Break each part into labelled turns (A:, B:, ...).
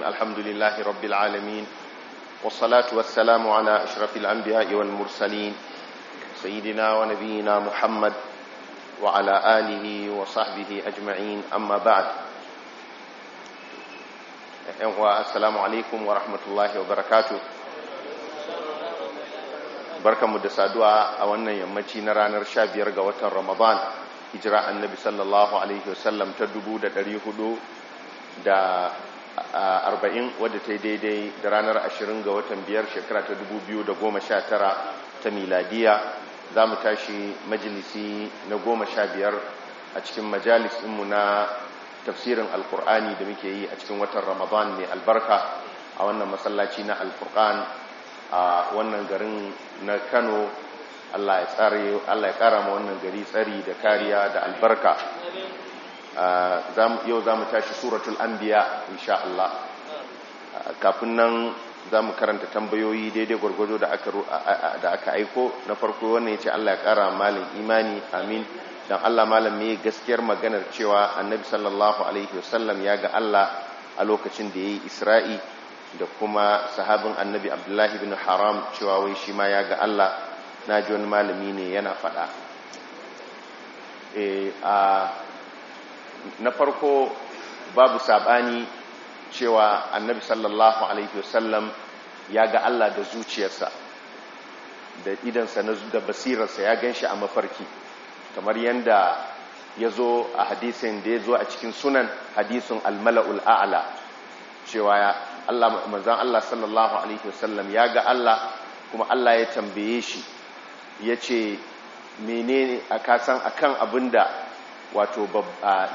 A: الرحيم الحمد لله رب العالمين والصلاة والسلام على أشرف الأنبياء والمرسلين سيدنا ونبينا محمد وعلى آله وصحبه أجمعين أما بعد السلام عليكم ورحمة الله وبركاته barkanmu da saduwa a wannan yammaci na ranar 15 ga watan Ramadan hijira annabi sallallahu alaihi wasallam ta 1400 da arba'in wadda ta yi daidai da ranar ashirin ga watan biyar shekara ta dubu biyu da goma sha tara ta miladiya za mu tashi majalisi na goma sha biyar a cikin majalis majalisinmu na tafsirin alkur'ani da muke yi a cikin watan ramadan mai albarka a wannan masallaci na alkur'an a wannan garin na kano allah ya kara ma wannan gari tsari da kariya da albarka yau za mu tashi suratul anbiya insha Allah kafin nan za mu karanta tambayoyi daidai gwargwado da aka aiko na farko wannan ya ce Allah ya kara malin imani amin Dan Allah malam mai gaskiyar maganar cewa annabi sallallahu alaihi wasallam ya ga Allah a lokacin da ya yi isra'i da kuma sahabin annabi abdullahi bin haram cewa wai shi ma ya ga Allah na ji wani malami ne yana faɗa na farko babu saɓani cewa annabi sallallahu alaihi wasallam ya ga Allah da zuciyarsa da idansa da basirarsa ya ganshi a mafarki kamar yadda ya zo a hadisin da ya zo a cikin sunan hadisin almala'ul a'ala cewa Allah manzan Allah sallallahu alaihi wasallam ya ga Allah kuma Allah ya tambaye shi ya ce menene a kasan akan abinda wato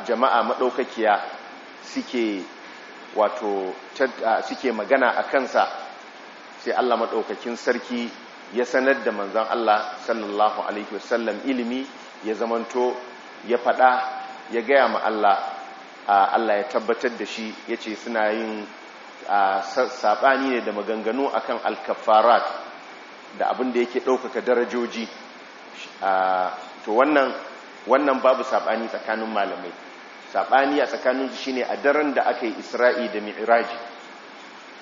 A: jama'a maɗaukakiya suke wato suke magana a kansa sai Allah maɗaukakin sarki ya sanar da manzan Allah sallallahu alaihi wasallam ilimi ya zamanto ya faɗa ya gaya ma Allah Allah ya tabbatar da shi ya ce suna yin saɓani ne da maganganu akan alkafarat da abin da yake ɗaukaka darajoji to wannan wannan babu saɓani tsakanin malamai Saɓani a tsakanin su shine a daren da aka yi isra'i da mi'raji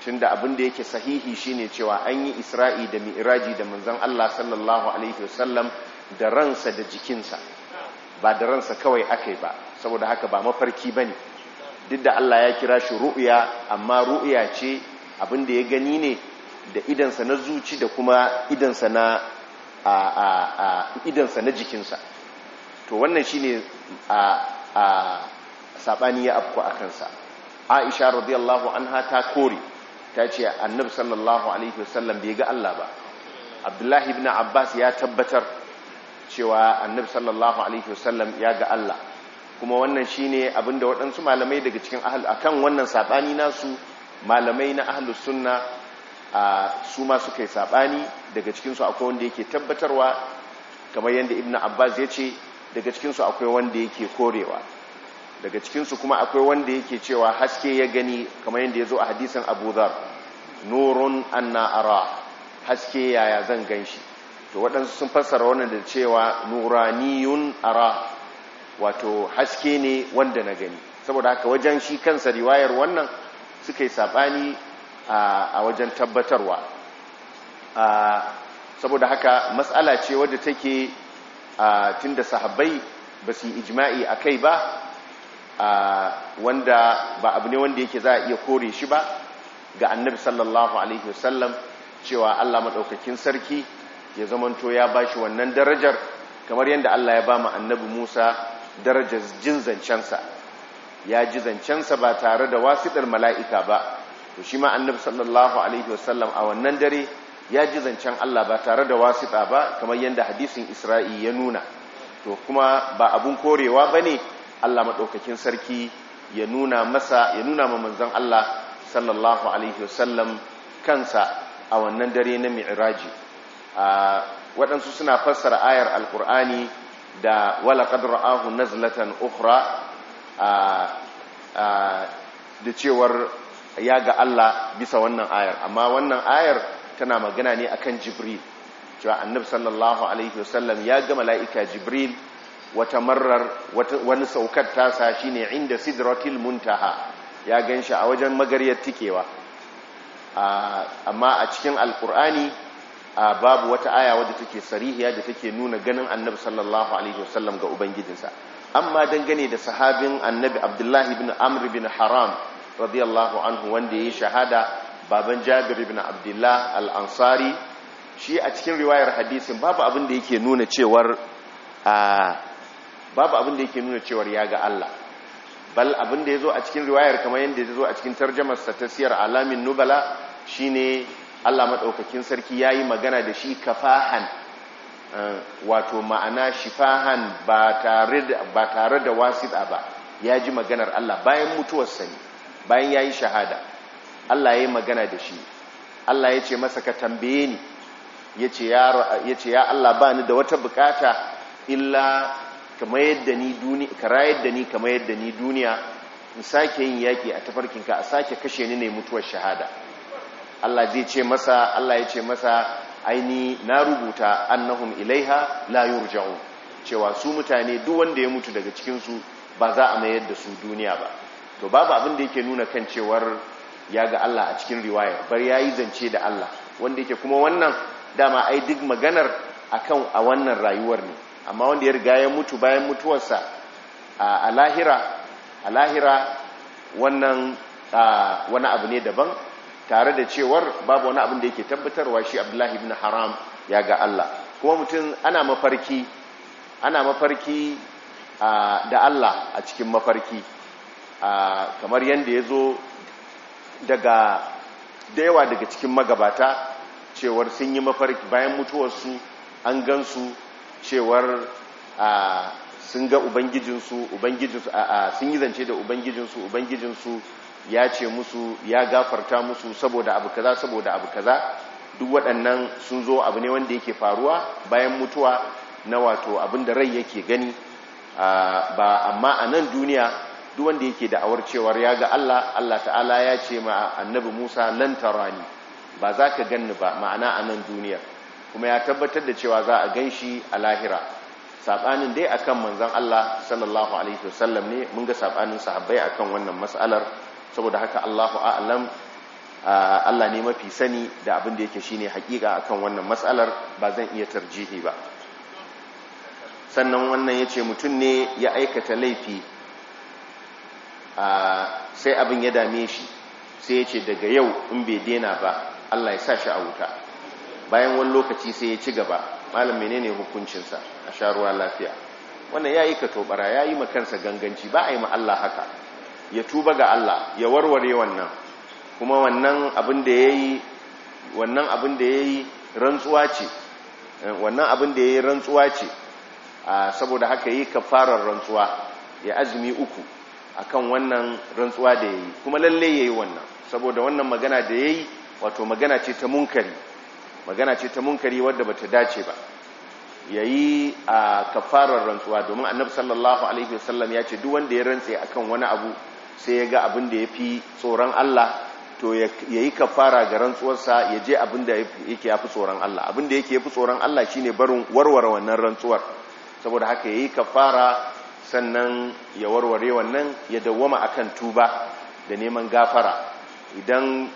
A: tunda abin da yake sahihi shine cewa an yi isra'i da mi'iraji da manzan Allah sallallahu alaihi wasallam da ransa da jikinsa ba da ransa kawai yi ba saboda haka ba mafarki ba ne. duk da Allah ya kira shi ru'uya amma ru'uya ce abin da ya gani ne da idansa na zuci da kuma idansa idansa na jikinsa to wannan shine a a sabani ya afku a kansa Aisha radiyallahu anha ta kore ta ce annabi sallallahu alaihi wasallam bai ga Allah ba Abdullahi ibn Abbas ya tabbatar cewa annabi sallallahu alaihi wasallam ya ga Allah kuma wannan shine abinda waɗansu malamai daga cikin ahl akan wannan sabani nasu malamai na ahlus sunna su ma suka yi sabani daga cikin su akwai wanda yake tabbatarwa kamar yadda ibn Abbas ya ce daga cikinsu akwai wanda yake korewa daga cikinsu kuma akwai wanda yake cewa haske ya gani kamar yadda ya zo a hadisan abu zar nurun anna ara haske yaya zan ganshi shi to waɗansu sun fassara wannan da cewa nuraniyun ara wato haske ne wanda na gani saboda haka wajen shi kansa riwayar wannan suka yi saɓani a wajen tabbatarwa saboda haka matsala ce wadda take a tunda sahabbai ba su yi ijma'i a kai ba wanda ba abu ne wanda yake za a iya kore shi ba ga annabi sallallahu alaihi wasallam cewa Allah maɗaukakin sarki ya zamanto ya ba shi wannan darajar kamar yadda Allah ya ba annabi Musa darajar jin zancensa ya ji zancensa ba tare da wasiɗar mala'ika ba to shi ma annabi sallallahu alaihi wasallam a wannan dare ya ji zancen Allah ba tare da wasita ba kamar yadda hadisin Isra'i ya nuna to kuma ba abun korewa ba ne Allah maɗaukakin sarki ya nuna masa ya nuna ma manzan Allah sallallahu alaihi wasallam kansa a wannan dare na mi'raji waɗansu suna fassara ayar alkur'ani da wala na nazlatan ukhra da cewar ya ga Allah bisa wannan ayar amma wannan ayar tana magana ne akan jibril cewa annabi sallallahu alaihi wasallam ya ga mala'ika jibril wata marar wani saukar tasa shine inda sidratil muntaha ya ganshi a wajen magariyar tikewa amma a cikin alkur'ani babu wata aya wadda take sarihiya da take nuna ganin annabi sallallahu alaihi wasallam ga ubangijinsa amma dangane da sahabin annabi abdullahi bin amr bin haram radiyallahu anhu wanda ya yi shahada baban jabir ibn abdullah al-ansari shi a cikin riwayar hadisin babu abin da yake nuna cewar babu abin da yake nuna cewar ya ga Allah bal abin da ya zo a cikin riwayar kamar yadda ya zo a cikin tarjamarsa ta siyar alamin nubala shine Allah maɗaukakin sarki ya yi magana da shi kafahan wato ma'ana shifahan ba tare da wasiɗa ba ya ji maganar Allah bayan mutuwarsa ne bayan ya yi shahada Allah ya yi magana da shi Allah ya ce masa ka tambaye ni ya ce ya Allah ba ni da wata bukata illa kama yadda ni duniya ka rayar da ni kama yadda ni duniya in sake yin yaki a tafarkinka a sake kashe ni ne mutuwar shahada Allah zai ce masa Allah ya ce masa aini na rubuta annahum ilaiha la yurja'u cewa su mutane duk wanda ya mutu daga cikin su ba za a mayar da su duniya ba to babu abin da yake nuna kan cewar ya ga Allah a cikin riwayar bar yi zance da Allah wanda yake kuma wannan dama ai duk maganar akan a wannan rayuwar ne amma wanda ya riga ya mutu bayan mutuwarsa a lahira a lahira wannan wani abu ne daban tare da cewar babu wani abin da yake tabbatarwa shi Abdullahi ibn Haram ya ga Allah kuma mutum ana mafarki ana mafarki da Allah a cikin mafarki kamar yadda ya zo daga da yawa daga cikin magabata cewar sun yi mafarki bayan mutuwarsu an gansu cewar sun ga ubangijinsu ubangijinsu sun yi zance da ubangijinsu ubangijinsu ya ce musu ya gafarta musu saboda abu kaza saboda abu kaza duk waɗannan sun zo abu ne wanda yake faruwa bayan mutuwa na wato abinda rai yake gani ba amma a nan duniya duk wanda yake da'awar cewar ya ga Allah Allah ta'ala ya ce ma annabi Musa lan tarani ba za ka ganni ba ma'ana a nan duniya kuma ya tabbatar da cewa za a gan shi a lahira sabanin dai akan manzon Allah sallallahu alaihi wasallam ne mun ga sabanin sahabbai akan wannan matsalar, saboda haka Allahu a'alam Allah ne mafi sani da abin da yake shine a akan wannan matsalar, ba zan iya tarjihi ba sannan wannan ya ce mutum ne ya aikata laifi sai abin ya dame shi sai ya ce daga yau in bai dena ba Allah ya sa shi a wuta bayan wani lokaci sai ya ci gaba malam menene hukuncinsa a sharuwa lafiya wannan ya yi ka tobara ya yi makansa ganganci ba a yi Allah haka ya tuba ga Allah ya warware wannan kuma wannan abin da ya yi rantsuwa ce wannan abin da ya yi rantsuwa ce eh, saboda haka yi kafarar rantsuwa ya azumi uku akan wannan rantsuwa da yayi kuma lalle yayi wannan saboda wannan magana da yayi wato magana ce ta munkari magana ce ta munkari wadda bata dace ba yayi a kafarar rantsuwa domin annabi sallallahu alaihi wasallam ya ce duk wanda ya rantse akan wani abu sai ya ga abin da yafi tsoron Allah to yayi kafara ga rantsuwarsa ya je abin da yake yafi tsoron Allah abin da yake yafi tsoron Allah shine barin warware wannan rantsuwar saboda haka yayi kafara sannan ya warware wannan ya dawwama akan tuba da neman gafara idan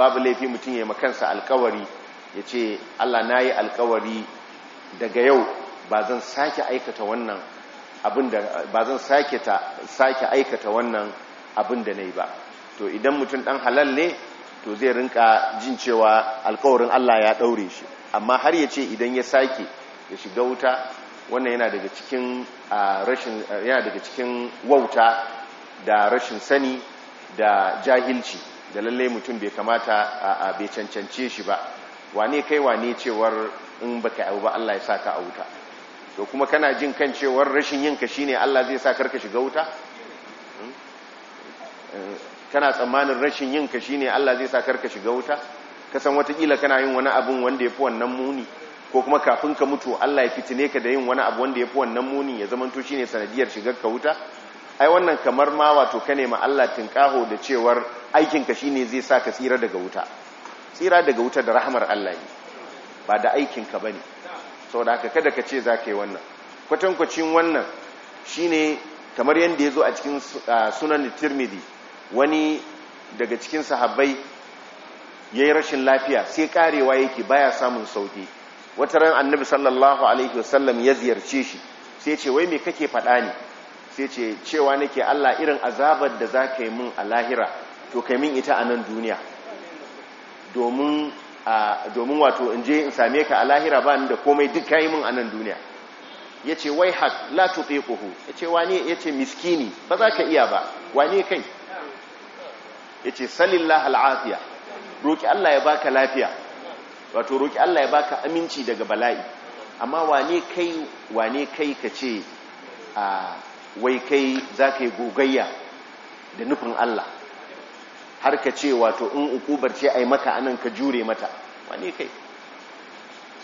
A: babu laifi mutum ya makansa alkawari ya ce Allah na yi alkawari daga yau ba zan sake aikata wannan abin da ba zan sake aikata wannan abin da nayi ba to idan mutum ɗan halal ne to zai rinka jin cewa alkawarin Allah ya ɗaure shi amma har ya ce idan ya sake ya shiga wuta wannan yana daga cikin yana daga cikin wauta da rashin sani da jahilci da lalle mutum bai kamata a bai cancance shi ba wane kai wane cewar in baka abu ba Allah ya saka a wuta to kuma kana jin kan cewar rashin yinka shine Allah zai sa karka shiga wuta
B: hmm?
A: eh, kana tsammanin rashin yinka shine Allah zai sa karka shiga wuta kasan watakila kana yin wani abin wanda ya fi wannan muni ko kuma kafin ka mutu Allah ya fitine ka da yin wani abu wanda ya fi wannan munin ya zamanto shine sanadiyar shigar ka wuta ai wannan kamar ma wato ka nema Allah tinkaho da cewar aikinka ka shine zai sa ka tsira daga wuta tsira daga wuta da rahmar Allah ne ba da aikin ka bane saboda haka kada ka ce zaka yi wannan kwatankwacin wannan shine kamar yadda ya zo a cikin sunan Tirmidhi wani daga cikin sahabbai yayi rashin lafiya sai karewa yake baya samun sauki wata ran annabi sallallahu alaihi wasallam ya ziyarce shi sai ce wai me kake faɗa ne sai ce cewa nake Allah irin azabar da za ka yi min a lahira to kai min ita a nan duniya domin domin wato in je in same ka a lahira ba ni da komai duk kai min a nan duniya ya ce wai hak la tuqiquhu ya ce wani ya ce miskini ba za ka iya ba wani kai ya ce salillah al'afiya roki Allah ya baka lafiya wato roƙi Allah ya baka aminci daga bala'i amma wane kai wane kai ka ce a wai kai za ka yi gogayya da nufin Allah har ka ce wato in ukubar ce a yi maka anan ka jure mata wane kai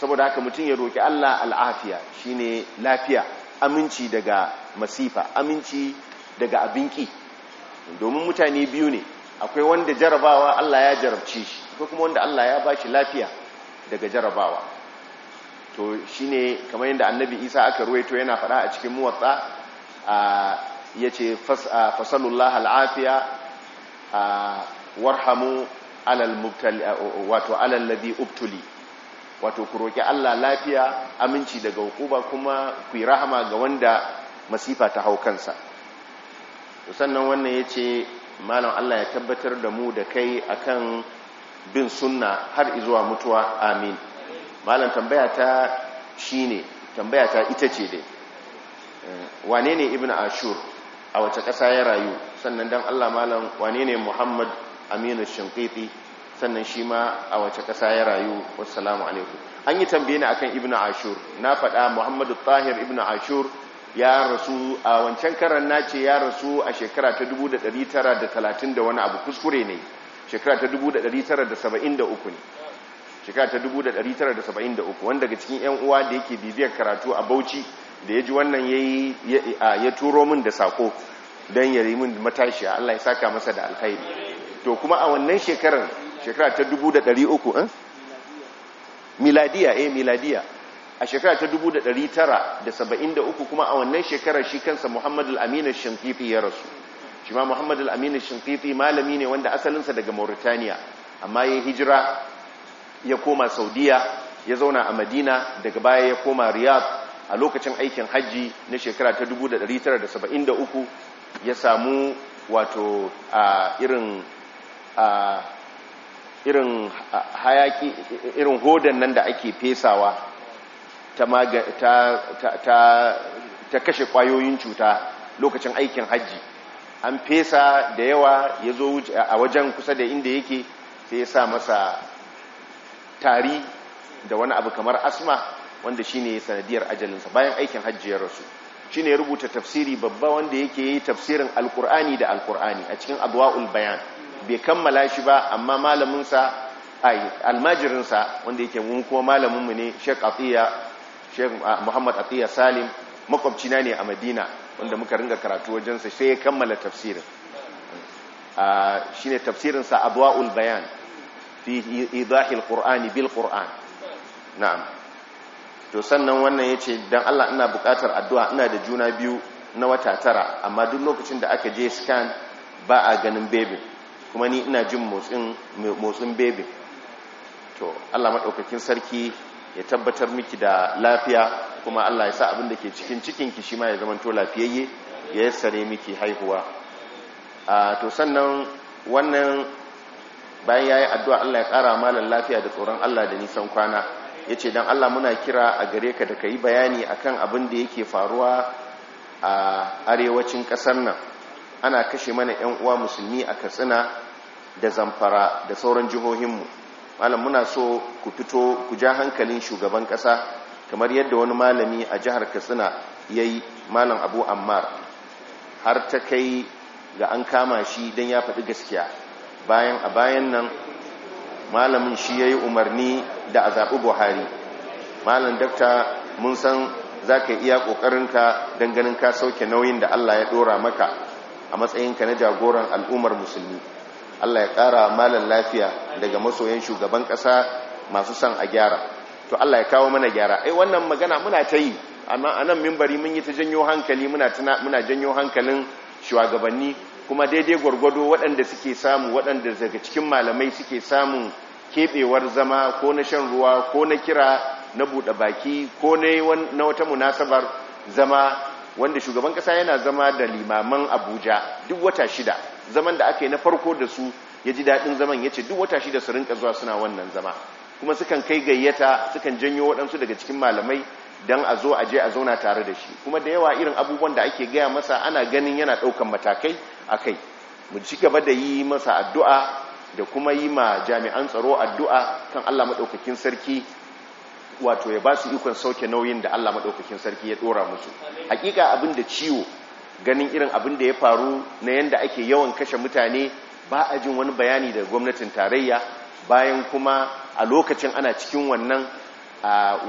A: saboda haka mutum ya roƙi Allah al'afiya shine lafiya aminci daga masifa aminci daga abinki domin mutane biyu ne akwai wanda jarabawa Allah ya jarabce shi ko kuma wanda Allah ya ba shi lafiya daga jarabawa to shi ne kamar yadda annabi isa aka ruwaito yana faɗa a cikin muwatsa ya ce fasalullah al'afiya warhamu wato alallazi ubtuli wato ku roƙi allah lafiya aminci daga hukuba kuma ku yi rahama ga wanda masifa ta hau kansa sannan wannan ya ce malam allah ya tabbatar da mu da kai akan bin sunna har izuwa mutuwa amin malam tambaya ta shine tambaya ta ita ce dai eh, wane ne ibn ashur a wace ƙasa ya rayu sannan dan Allah malam wane ne muhammad aminu shinkiti sannan shi ma a wace ƙasa ya rayu wassalamu alaikum an yi tambaye ni akan ibn ashur na faɗa muhammadu tahir ibn ashur ya rasu a wancan karan nace ya rasu a shekara ta 1930 da wani abu kuskure ne shekara ta 1973 ne shekara ta 1973 wanda daga cikin yan uwa da yake bibiyar karatu a Bauchi da ya ji wannan ya turo min da sako don ya yi min matashi Allah ya saka masa da alkhairi to kuma a wannan shekarar shekara ta 1300 eh? miladiya eh miladiya a shekara ta 1973 kuma a wannan shekarar shi kansa Muhammadu al-Amin ya rasu shi ma muhammad al-amin shinkiti malami ne wanda asalinsa daga mauritaniya amma ya hijira ya koma saudiya ya zauna a madina daga baya ya koma riyadh a lokacin aikin hajji na shekara ta 1973 ya samu wato a irin a irin hayaki irin hodan nan da ake fesawa ta ta ta kashe kwayoyin cuta lokacin aikin hajji an fesa da yawa ya zo a wajen kusa da inda yake sai ya sa masa tari da wani abu kamar asma wanda shi ne sanadiyar ajalinsa bayan aikin hajji ya rasu shine ya rubuta tafsiri babba wanda yake yi tafsirin alkur'ani da alkur'ani a cikin adwa'ul bayan bai kammala shi ba amma malaminsa almajirinsa wanda yake mun kuma malaminmu ne shek atiya sheik ah, muhammad atiya salim makwabcina ne a madina wanda muka ringa karatu wajensa sai ya kammala tafsirin ah, shi ne tafsirinsa adwa'ul bayan fi idahil qur'ani bil qur'an na'am to sannan wannan ya ce don Allah ina buƙatar addu'a ina da juna biyu na wata tara amma duk lokacin da aka je scan ba a ganin bebe, kuma ni ina jin motsin bebe to Allah maɗaukakin sarki ya tabbatar miki da lafiya kuma Allah ya sa abin da ke cikin ki shi ma ya zama lafiyayye ya yassare miki haihuwa a to sannan wannan bayan yayi addu'a Allah ya ƙara malan lafiya da tsoron Allah da nisan kwana ya ce dan Allah muna kira a gare ka da ka yi bayani akan abin da yake faruwa a arewacin ƙasar nan ana kashe mana ƴan uwa musulmi a Katsina da Zamfara da sauran jihohin mu malam muna so ku fito ku ja hankalin shugaban kasa kamar yadda wani malami a jihar katsina ya yi malam abu ammar har ta kai ga an kama shi don ya faɗi gaskiya bayan a bayan nan malamin shi ya yi umarni da a zaɓi buhari malam dakta mun san za ka iya ƙoƙarinka don ganin ka sauke nauyin da allah ya ɗora maka a matsayinka na jagoran al'ummar musulmi Allah ya ƙara malar lafiya daga masoyan shugaban ƙasa masu son a gyara to Allah ya kawo mana gyara ai eh, wannan magana muna ta yi amma a nan mimbari mun yi ta janyo hankali muna janyo hankalin shugabanni kuma daidai gwargwado waɗanda suke samu waɗanda daga cikin malamai suke samun keɓewar zama ko na shan ruwa ko na kira na buɗe baki ko na wata munasabar zama wanda shugaban ƙasa yana zama da limaman abuja duk wata shida zaman da aka yi na farko da su ya ji daɗin zaman ya ce duk wata shida su rinka zuwa suna wannan zama kuma sukan kai gayyata sukan janyo waɗansu daga cikin malamai don a zo a je a zauna tare da shi kuma da yawa irin abubuwan da ake gaya masa ana ganin yana ɗaukan matakai a kai mu ci gaba da yi masa addu'a da kuma yi ma jami'an tsaro addu'a kan allah maɗaukakin sarki wato ya ba su ikon sauke nauyin da allah maɗaukakin sarki ya ɗora musu hakika abin da ciwo ganin irin abin da ya faru na yadda ake yawan kashe mutane ba a jin wani bayani da gwamnatin tarayya bayan kuma a lokacin ana cikin wannan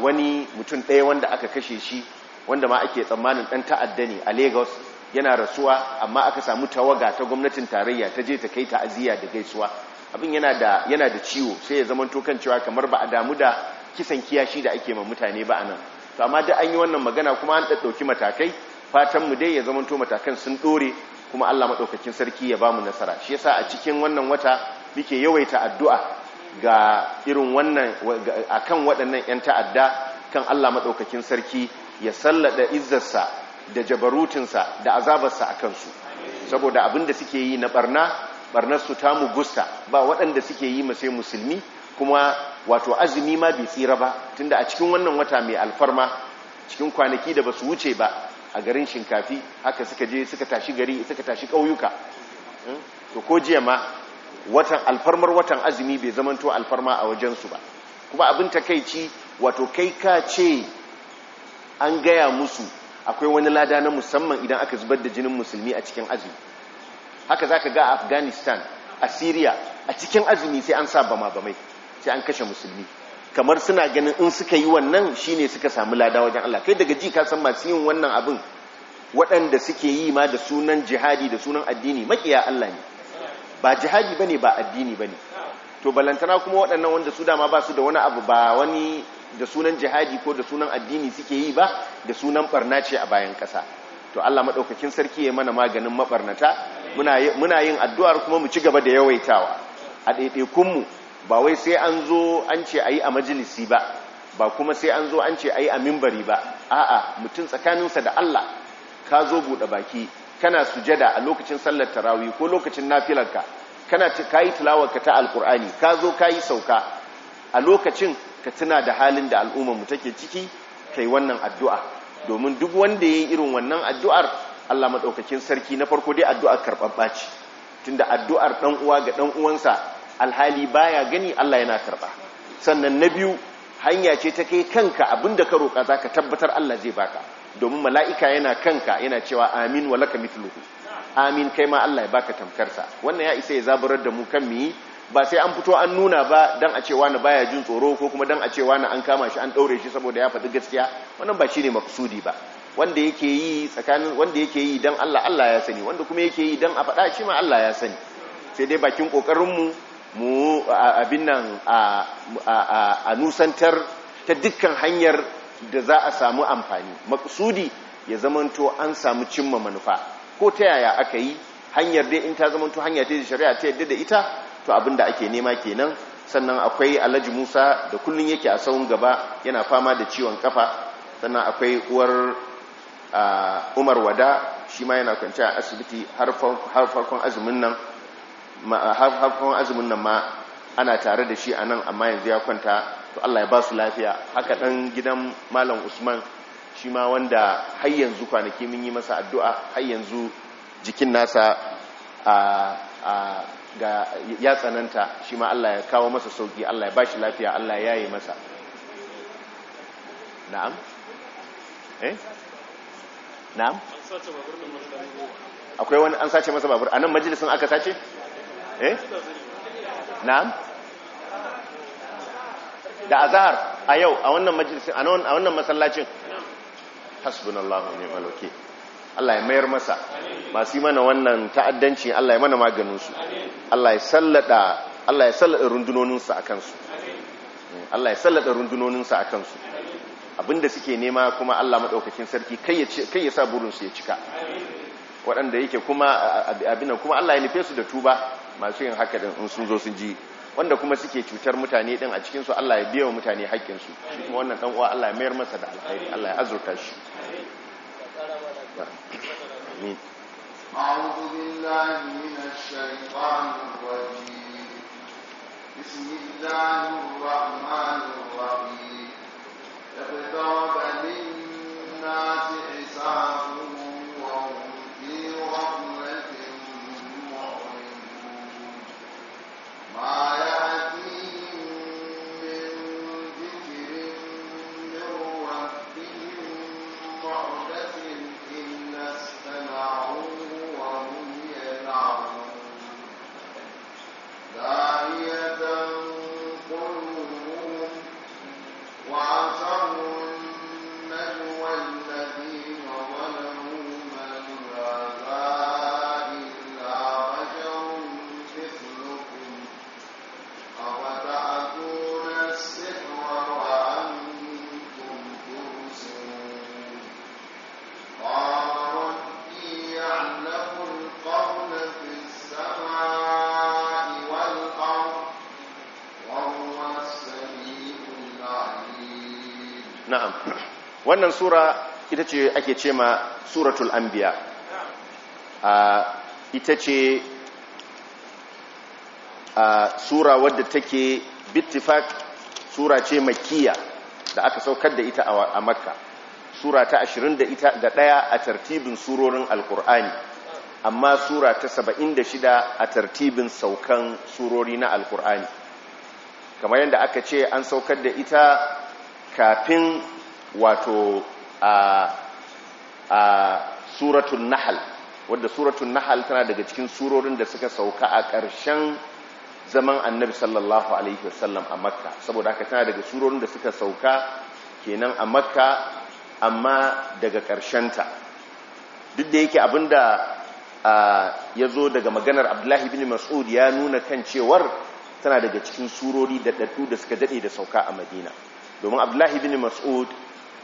A: wani mutum ɗaya wanda aka kashe shi wanda ma ake tsammanin ɗan ta'adda ne a lagos yana rasuwa amma aka samu tawaga ta gwamnatin tarayya ta je ta kai ta'aziyya da gaisuwa abin yana da yana da ciwo sai ya zamanto kan cewa kamar ba a damu da kisan kiyashi da ake ma mutane ba anan to amma duk an yi wannan magana kuma an ɗauki matakai fatanmu dai ya zamanto matakan sun ɗore kuma Allah maɗaukakin sarki ya bamu mu nasara shi yasa a cikin wannan wata muke yawaita addu'a ga irin wannan akan waɗannan 'yan ta'adda kan Allah maɗaukakin sarki ya sallada izzarsa da jabarutinsa da azabarsa a kansu saboda abin da suke yi na barna barnarsu ta mu gusta ba waɗanda suke yi masai musulmi kuma wato azumi ma bai tsira ba tunda a cikin wannan wata mai alfarma cikin kwanaki da ba su wuce ba a garin shinkafi haka suka je suka tashi gari suka tashi ƙauyuka hmm? to ko jiya ma watan alfarmar watan azumi bai zamanto alfarma a wajensu ba kuma abin takaici wato kai ka ce an gaya musu akwai wani lada na musamman idan aka zubar da jinin musulmi a cikin azumi haka zaka ga a afghanistan a syria a cikin azumi sai an sa bama bamai sai an kashe musulmi kamar suna ganin in suka yi wannan shine suka samu lada wajen Allah kai daga ji ka san masu yin wannan abin waɗanda suke yi ma da sunan jihadi da sunan addini makiya Allah ne ba jihadi bane ba addini bane to balantana kuma waɗannan wanda su dama ba su da wani abu ba wani da sunan jihadi ko da sunan addini suke yi ba da sunan barna ce a bayan ƙasa to Allah maɗaukakin sarki ya mana maganin maɓarnata muna yin addu'ar kuma mu ci gaba da yawaitawa a ɗaiɗaikunmu ba wai sai an zo an ce a yi a majalisi ba ba kuma sai an zo an ce a yi a mimbari ba a'a mutum tsakaninsa da Allah ka zo buɗe baki kana sujada a lokacin sallar tarawih ko lokacin nafilarka kana ka yi tilawarka ta alkur'ani ka zo ka yi sauka a lokacin ka tuna da halin da al'ummarmu take ciki kai wannan addu'a domin duk wanda ya yi irin wannan addu'ar Allah maɗaukakin sarki na farko dai addu'ar karɓar ɓaci. tunda addu'ar ɗan uwa ga ɗan uwansa alhali baya gani Allah yana karba sannan na biyu hanya ce ta kai kanka abinda ka roƙa zaka tabbatar Allah zai baka domin mala'ika yana kanka yana cewa amin wa laka mithluhu amin kai ma Allah ya baka tamkarsa wannan ya isa ya zaburar da mu kan mi ba sai an fito an nuna ba dan a cewa na baya jin tsoro ko kuma dan a cewa na an kama shi an daure shi saboda ya faɗi gaskiya wannan ba shine maksudi ba wanda yake yi tsakanin wanda yake yi dan Allah Allah ya sani wanda kuma yake yi dan a faɗa shi ma Allah ya sani sai dai bakin kokarin mu mu abin nan a nusantar ta dukkan hanyar da za a samu amfani maksudi ya zamanto an samu cimma manufa ko ta yaya aka yi hanyar dai in ta zamanto hanya ta yi shari'a ta yadda da ita to abin da ake nema kenan sannan akwai alhaji musa da kullum yake a saun gaba yana fama da ciwon kafa sannan akwai uwar umar wada shi ma yana kwanci a asibiti har farkon azumin nan haifon azumin nan ma ana tare da shi a nan amma yanzu ya kwanta to Allah ya ba su lafiya haka ɗan gidan malam usman shi ma wanda har yanzu kwanaki mun yi masa addu'a har yanzu jikin nasa ya tsananta shi ma Allah ya kawo masa sauki Allah ya ba shi lafiya Allah ya yi masa na'am eh na'am akwai wani an sace masa babur a nan aka sace? eh na'am da azhar a yau a wannan majalisin a wannan masallacin hasbunallahu wa ni'mal wakeel Allah ya mayar masa masu mana wannan ta'addanci Allah ya mana maganin su Allah ya sallada Allah ya sallada rundunonin su akan su eh, Allah ya sallada rundunonin su akan su abinda suke nema kuma Allah madaukakin sarki kai ya sa burin su ya cika waɗanda yake kuma abin kuma Allah ya nufe su da tuba masu yin haka din sun zo sun ji wanda kuma suke cutar mutane din a cikinsu Allah ya biya wa mutane haƙƙin shi kuma wannan dan uwa Allah ya mayar masa da alkhairi Allah ya azurta shi amin
C: أعوذ بالله من الشيطان الرجيم بسم الله الرحمن الرحيم اقترب للناس حسابهم
A: wannan sura ita ce ake ce ma suratul anbiya ita ce sura wadda take bittifak sura ce makiya da aka saukar da ita a makka sura ta 21 a tartibin surorin alkur'ani amma sura ta shida a tartibin saukan surori na alkur'ani kamar yadda aka ce an saukar da ita kafin wato a a suratul nahal wadda suratul Nahal tana daga cikin surorin da suka sauka a ƙarshen zaman annabi sallallahu alaihi wasallam a makka saboda haka tana daga surorin da suka sauka kenan a makka amma daga ƙarshen ta duk da yake abinda ya zo daga maganar abdullahi bin mas'ud ya nuna kan cewar tana daga cikin surori da da suka daɗe da sauka a madina domin abdullahi bin mas'ud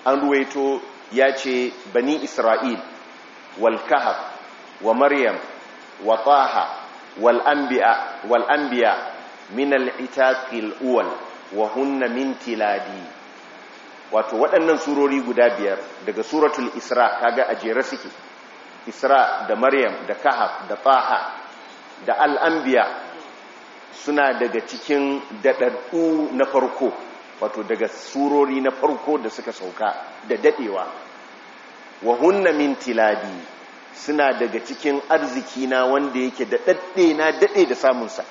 A: an ruwaito ya ce bani isra'il wal wa maryam wa taha wal anbiya min al'ita itaqil wa hunna min tiladi wato waɗannan surori guda biyar daga suratul isra kaga a jere suke isra da maryam da Kahaf, da Faha, da Al'ambiya suna daga cikin daɗaɗɗu na farko wato daga surori na farko da suka sauka da dadewa wa hunna min tilabi suna daga cikin arziki na wanda yake da dadde na dade da samun sa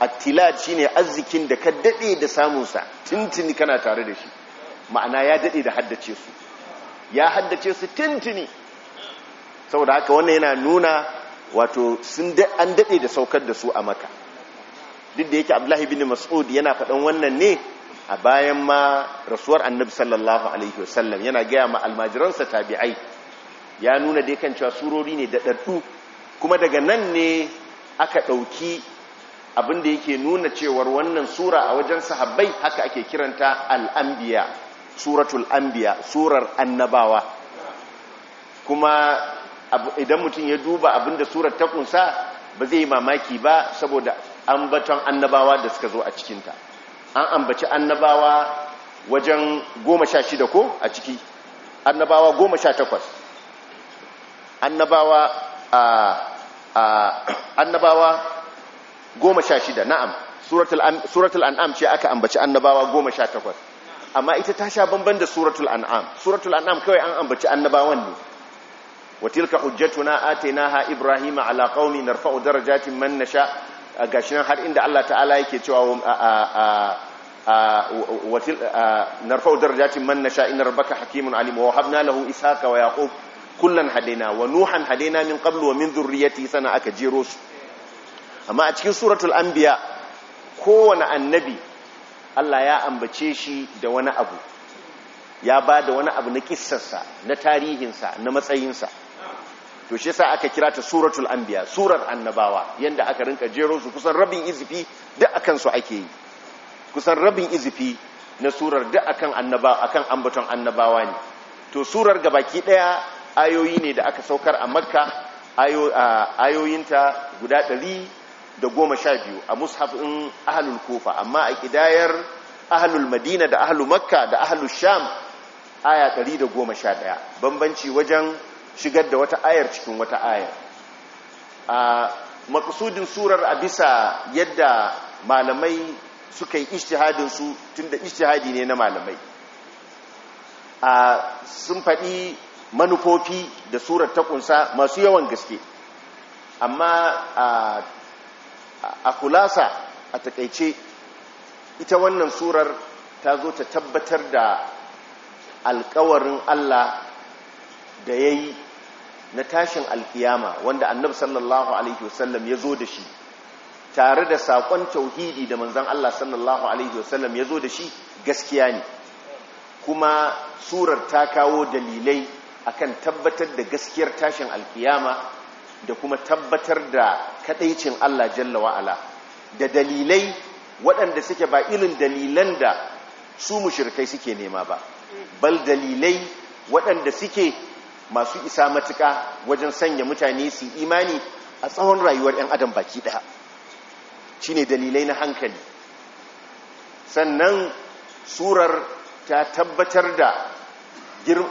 A: at tilad shine arzikin da ka dade da samun sa tintini kana tare da shi ma'ana ya dade da haddace su ya haddace su tintini saboda haka wannan yana nuna wato sun an dade da saukar da su a maka duk da yake abdullahi bin mas'ud yana faɗan wannan ne a bayan ma rasuwar annabi sallallahu alaihi wasallam yana gaya ma almajiransa tabi'ai ya nuna dai kan cewa surori ne da daddu kuma daga nan ne aka ɗauki abinda da yake nuna cewar wannan sura a wajen sahabbai haka ake kiranta al'ambiya suratul anbiya surar annabawa kuma idan mutum ya duba abinda surar ta kunsa ba zai yi mamaki ba saboda ambaton annabawa da suka zo a cikinta an ambaci annabawa wajen goma sha shida ko a ciki annabawa goma sha takwas annabawa annabawa goma sha shida na'am suratul an'am ce aka ambaci annabawa goma sha takwas amma ita ta sha bamban da suratul an'am suratul an'am kawai an ambaci annabawan ne watilka hujjatuna atainaha ibrahima ala qaumi narfa'u darajatin man nasha gashinan har inda Allah ta'ala yake cewa na faudar jacin man na sha'inar baka hakimun alimu wa haɓna lahu ishaka wa yaƙo kullum hadena wa nuhan hadena min ƙablu wa min zurriyati sana aka jero su amma a cikin suratul ambiya kowane annabi Allah ya ambace shi da wani abu ya ba da wani abu na kissarsa na tarihinsa na matsayinsa to shi sa aka kira ta suratul ambiya surar annabawa yanda aka rinka jero su kusan rabin izifi duk akansu ake yi kusan rabin izifi na surar da akan annaba akan ambaton annabawa ne to surar gabaki daya ayoyi ne da aka saukar a makka ayoyinta guda ɗari da goma sha biyu a mushafin ahalul kofa amma a ƙidayar ahalul madina da ahalul makka da ahalul sham aya ɗari goma sha ɗaya bambanci wajen shigar da wata ayar cikin wata ayar a makasudin surar a bisa yadda malamai suka yi ishtihadinsu su tunda ishtihadi ne na malamai a sun faɗi manufofi da surar ta masu yawan gaske amma a kulasa a takaice ita wannan surar ta zo ta tabbatar da alkawarin Allah da ya yi na tashin alkiyama wanda annab sallallahu alaihi wasallam ya zo da shi tare da saƙon tauhidi da manzan Allah sallallahu alaihi wasallam zo da shi gaskiya ne kuma surar ta kawo dalilai akan tabbatar da gaskiyar tashin alkiyama da kuma tabbatar da kadaicin Allah jalla wa'ala da dalilai waɗanda suke ba irin dalilan da su mushrikai suke nema ba bal dalilai waɗanda suke masu isa matuƙa wajen sanya mutane su imani a tsawon rayuwar 'yan adam baki ɗaya ne dalilai na hankali sannan surar ta tabbatar da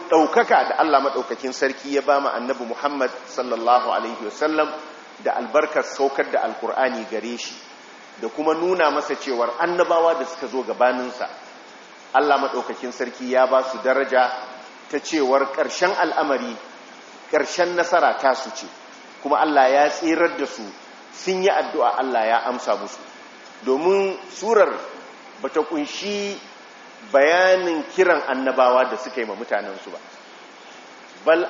A: ɗaukaka da Allah maɗaukakin sarki ya ba mu annabi Muhammad sallallahu alaihi wasallam da albarkar saukar da alkur'ani gare shi da kuma nuna masa cewar annabawa da suka zo gabaninsa Allah maɗaukakin sarki ya ba su daraja ta cewar ƙarshen al'amari ƙarshen nasara ta su ce kuma Allah ya tsirar da su sun yi addu'a Allah ya amsa musu domin surar ba ta kunshi bayanin kiran annabawa da suka yi ma mutanensu ba bal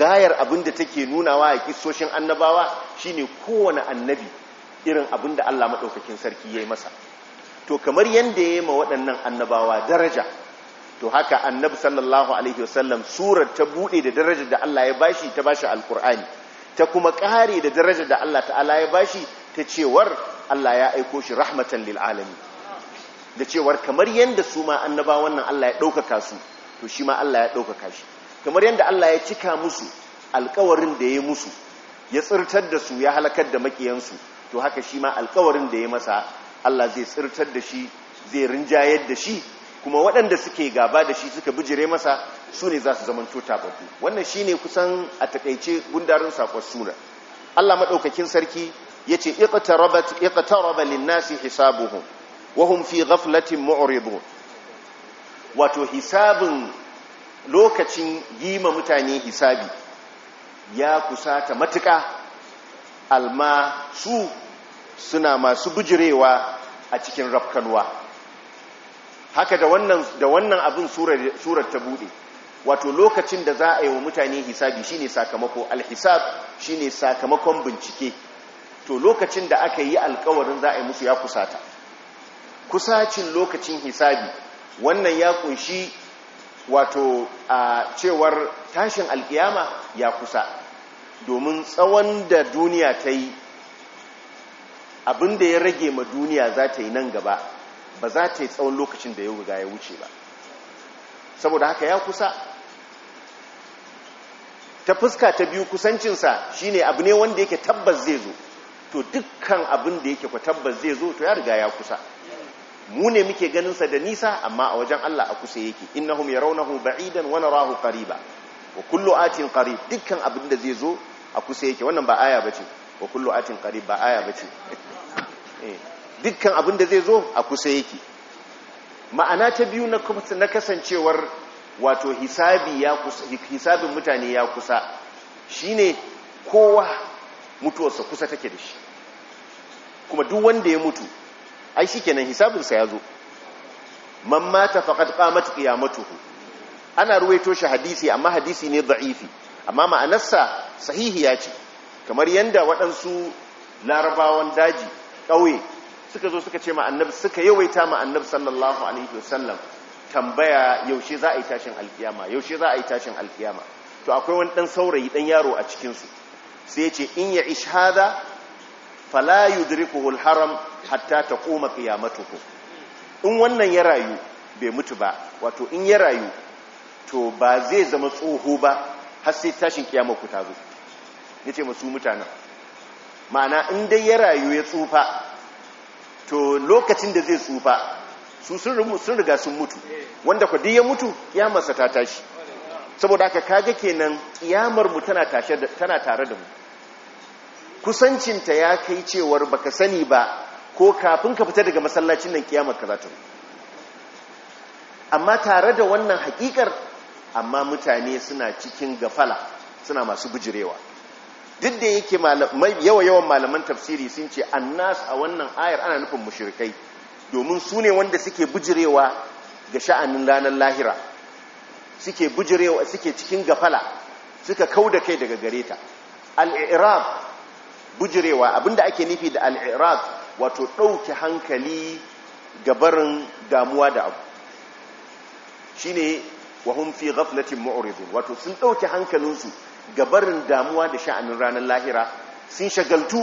A: gayar abinda take nunawa a kisoshin annabawa shine kowane annabi irin abinda Allah maɗaukakin sarki ya yi masa to kamar yadda ya yi ma waɗannan annabawa daraja to haka annabi sallallahu alaihi wasallam surar ta buɗe da darajar da Allah ya bashi ta bashi alkur'ani ta kuma ƙare da darajar da Allah ta'ala ya bashi ta cewar Allah ya aiko shi rahmatan lil da cewar kamar yadda su ma annaba wannan Allah ya ɗaukaka su to shi ma Allah ya ɗaukaka shi kamar yadda Allah ya cika musu alkawarin da ya musu ya tsirtar da su ya halakar da makiyansu to haka shi ma alkawarin da ya masa Allah zai tsirtar da shi zai rinjayar da shi kuma waɗanda suke gaba da shi suka bijire masa su ne za su zama babu wannan shi ne kusan a takaice gundarin saƙon suna allah maɗaukakin sarki ya ce iƙataraba linnasi hisabuhun wahun fi gaflatin ma'uribu wato hisabin lokacin yi ma mutane hisabi ya kusata matuƙa alma su suna masu bijirewa a cikin rafkanwa haka da wannan abin surar ta bude wato lokacin da za a yi wa mutane hisabi shine sakamako alhisab shine sakamakon bincike to lokacin da aka yi alkawarin za a yi musu ya kusata kusacin lokacin hisabi wannan ya kunshi wato a cewar tashin alkiyama ya kusa domin tsawon da duniya ta yi abin da ya rage ma duniya za ta yi nan gaba ba za ta yi tsawon lokacin da ya wuga ya wuce ba saboda haka ya kusa ta fuska ta biyu kusancinsa shine abu ne wanda yake tabbas zai zo to dukkan abin da yake ku tabbas zai zo to ya riga ya kusa mu ne muke ganin sa da nisa amma a wajen Allah a kusa yake innahum yarawnahu ba'idan wa narahu qariba wa kullu atin qarib dukkan abin da zai zo a kusa yake wannan ba aya bace wa kullu atin qarib ba aya bace eh dukkan abin da zai zo a kusa yake ma'ana ta biyu na kasancewar wato hisabin mutane ya kusa shine kowa mutuwarsa kusa take da shi kuma duk wanda ya mutu ai shi kenan hisabinsa ya zo man mata faqad qamat qiyamatuhu ana ruwai toshe hadisi amma hadisi ne za'ifi amma ma'anarsa sahihiya ce kamar yanda waɗansu larabawan daji ƙauye suka zo suka ce ma suka yawaita ma annabi sallallahu alaihi wasallam tambaya yaushe za a yi tashin alkiyama yaushe za a yi tashin alkiyama to akwai wani dan saurayi dan yaro a cikin su sai ya ce in ya ish hada fala yudrikuhu haram hatta taquma qiyamatuhu in wannan ya rayu bai mutu ba wato in ya rayu to ba zai zama tsoho ba har sai tashin kiyama ku ta zo yace musu mutanen ma'ana in dai ya rayu ya tsufa to lokacin da zai tsufa su sun riga sun mutu wanda ku ya mutu kiyamarsa ta tashi saboda haka kaga kenan kiyamar mu tana tare da mu kusancinta ya kai cewar baka sani ba ko kafin ka fita daga masallacin nan kiyamar ka za ta amma tare da wannan hakikar amma mutane suna cikin gafala suna masu bijirewa duk da yake yawa yawan malaman tafsiri sun ce annas a wannan ayar ana nufin mushrikai domin su ne wanda suke bujirewa ga sha'anin ranar lahira suke bujirewa suke cikin gafala suka kau da kai daga gare ta al'irab bujirewa abinda ake nufi da al'irab wato ɗauki hankali gabarin damuwa da abu shine wahun fi ghaflatin ma'urizu wato sun ɗauki hankalinsu gabarin damuwa da sha'anin ranar lahira sun shagaltu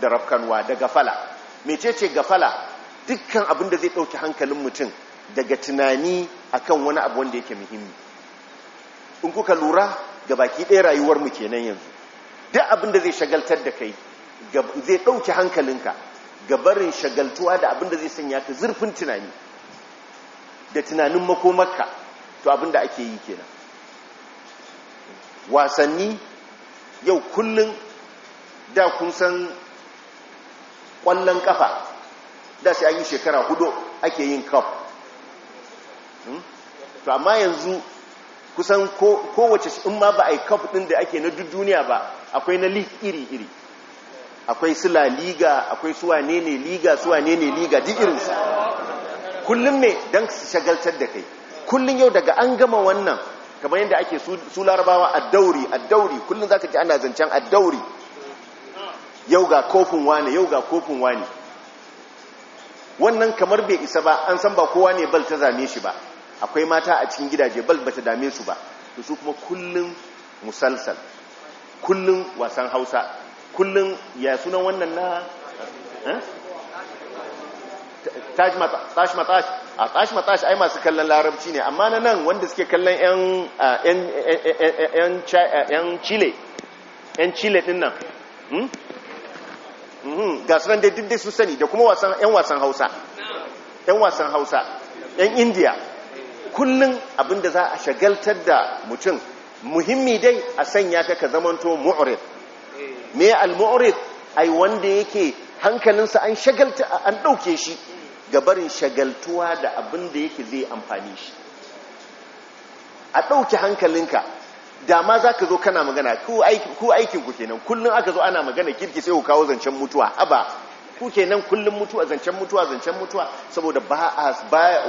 A: da rafkanwa da gafala mecece gafala dukkan abin da zai ɗauki hankalin mutum daga tunani akan wani abu wanda yake muhimmi in kuka lura ga baki ɗaya rayuwar mu kenan yanzu duk abin da zai shagaltar da kai zai ɗauki hankalinka barin shagaltuwa da abin da zai sanya ka zurfin tunani da tunanin makomarka to abin da ake yi kenan wasanni yau kullum da kun san kwallon kafa da sai an yi shekara hudu ake yin kaf hmm? to amma yanzu kusan kowace in ma ba a yi kaf din da ake na duk duniya ba akwai na lig iri-iri akwai sila liga akwai su ne ne liga su ne ne liga duk irinsu kullum mai don su shagaltar da kai kullum yau daga an gama wannan kamar yadda ake su larabawa a dauri kullum ka ji ana zancen a dauri yau ga kofin wane yau ga kofin wane wannan kamar bai isa ba an san ba kowa ne bal ta zame shi ba akwai mata a cikin gidaje bal bata dame su ba da su kuma kullum musalsal kullum wasan hausa kullum ya sunan wannan na eh? tashi matashi a tashi matashi ai masu kallon larabci ne amma na nan wanda suke kallon yan chile yan chile din nan hmm? Hmm, ga nan dai duk dai su sani da kuma yan wasan hausa yan wasan hausa yan indiya kullum abinda za a shagaltar da mutum muhimmi dai a sanya ka ka zamanto mu'urid me al muurid ai wanda yake hankalinsa an shagalta an ɗauke shi ga barin shagaltuwa da abin da yake zai amfani shi a ɗauki hankalinka da ma za ka zo kana magana ku aikinku kenan kullum aka zo ana magana kirki sai ku kawo zancen mutuwa haba ku kenan kullum mutuwa zancen mutuwa zancen mutuwa saboda ba a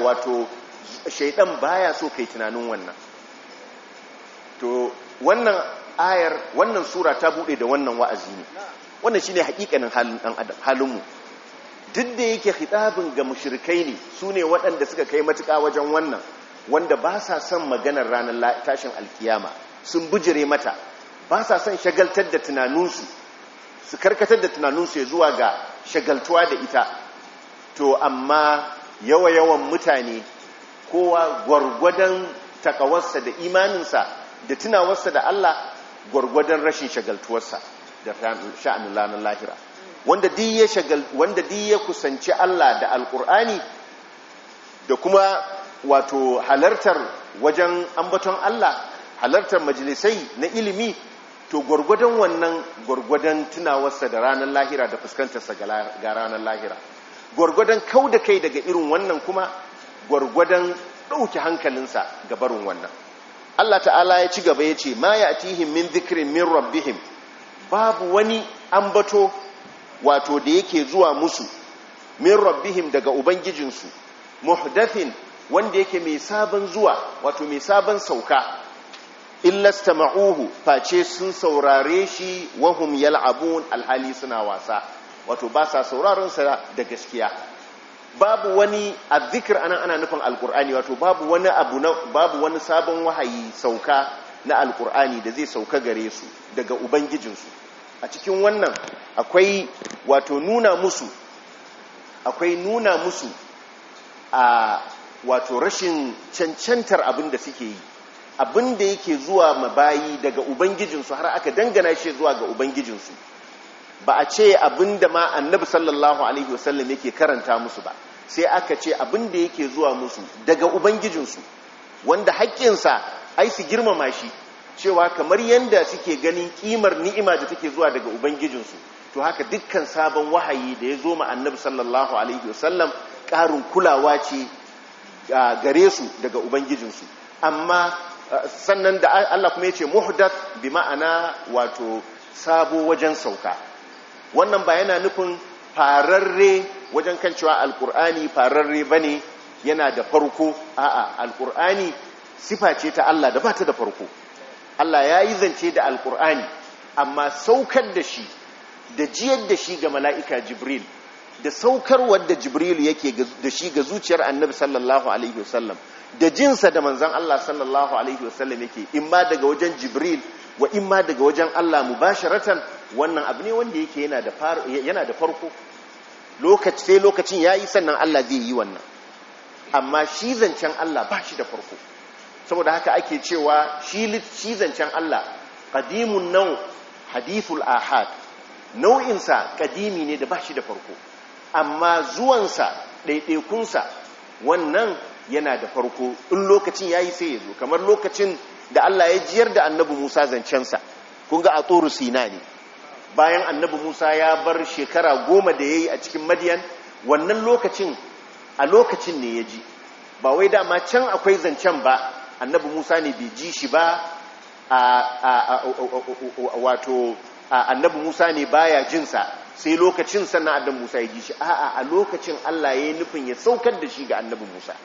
A: wato shaidan baya so kai tunanin wannan to wannan ayar wannan sura ta bude da wannan wa'azi ne wannan shine hakikanin halin dan halinmu duk da yake hidabin ga mushrikai ne su ne waɗanda suka kai matuƙa wajen wannan wanda ba sa son maganar ranar tashin alkiyama sun bujire mata ba sa son shagaltar da tunaninsu su karkatar da tunaninsu ya zuwa ga shagaltuwa da ita to amma yawa-yawan mutane kowa gwargwadon takawarsa da imaninsa da tunawarsa da Allah gwargwadon rashin shagaltuwarsa da sha'anin lanar lahira wanda duk ya shagal wanda duk ya kusanci Allah da alkur'ani da kuma wato halartar wajen ambaton Allah halartar majalisai na ilimi to gwargwadon wannan tuna tunawarsa da ranar lahira da fuskantarsa ga ranar lahira gwargwadon kau da kai daga irin wannan kuma gwargwadon ɗauke hankalinsa ga barin wannan Allah ta'ala ya ci gaba ya ce ma ya atihin min zikirin min rabbihim babu wani ambato wato da yake zuwa musu min rabbihim daga ubangijinsu muhdathin wanda yake mai sabon zuwa wato mai sabon sauka illasta ma'uhu face sun saurare shi wahum yal'abun alhali suna wasa wato ba sa sauraron sa da gaskiya babu wani azzikir anan ana nufin alkur'ani wato babu wani abu na babu wani sabon wahayi sauka na alkur'ani da zai sauka gare su daga ubangijinsu a cikin wannan akwai wato nuna musu akwai nuna musu a wato rashin cancantar abin da suke yi abin da yake zuwa mabayi daga ubangijinsu har aka dangana shi zuwa ga ubangijinsu ba a ce abin da ma annabi sallallahu alaihi wasallam yake karanta musu ba sai aka ce abin da yake zuwa musu daga ubangijinsu wanda haƙƙinsa ai su girmama shi cewa kamar yadda suke ganin kimar ni'ima da take zuwa daga ubangijinsu to haka dukkan sabon wahayi da ya zo ma annabi sallallahu alaihi wasallam ƙarin kulawa ce gare su daga ubangijinsu amma sannan da Allah kuma ya ce muhdad bi ma'ana wato sabo wajen sauka wannan ba yana nufin fararre wajen kan cewa alkur'ani fararre ba ne, yana da farko a'a alkur'ani sifa ce ta Allah da bata da farko Allah ya yi zance da alkur'ani amma saukar da shi da jiyar da shi ga mala'ika jibril da saukar wadda jibril yake da shi ga zuciyar annabi sallallahu alaihi wasallam da jinsa da manzan Allah sallallahu alaihi wasallam yake ma daga wajen jibril wa in ma daga wajen Allah mu ba ratan, wannan abu ne wanda yake yana da farko lokacin sai lokacin yayi sannan Allah zai yi wannan amma shi zancen Allah ba shi da farko saboda haka ake cewa shi zancen Allah ƙadimun nau hadithul ahad nau'insa ƙadimi ne da ba shi da farko amma zuwansa ɗaiɗaikunsa wannan yana da farko in lokacin ya yi sai ya zo kamar lokacin da Allah ya jiyar da annabi Musa zancensa kun ga a tsoro sina ne bayan annabi Musa ya bar shekara goma da ya yi a cikin madiyan wannan lokacin a lokacin ne ya ji ba wai dama can akwai zancen ba annabi musa ne bai ji shi ba wato annabi musa ne baya jinsa sai lokacin sannan adam musa ya ji shi a'a a lokacin allah ya yi nufin ya saukar da shi ga annabi musa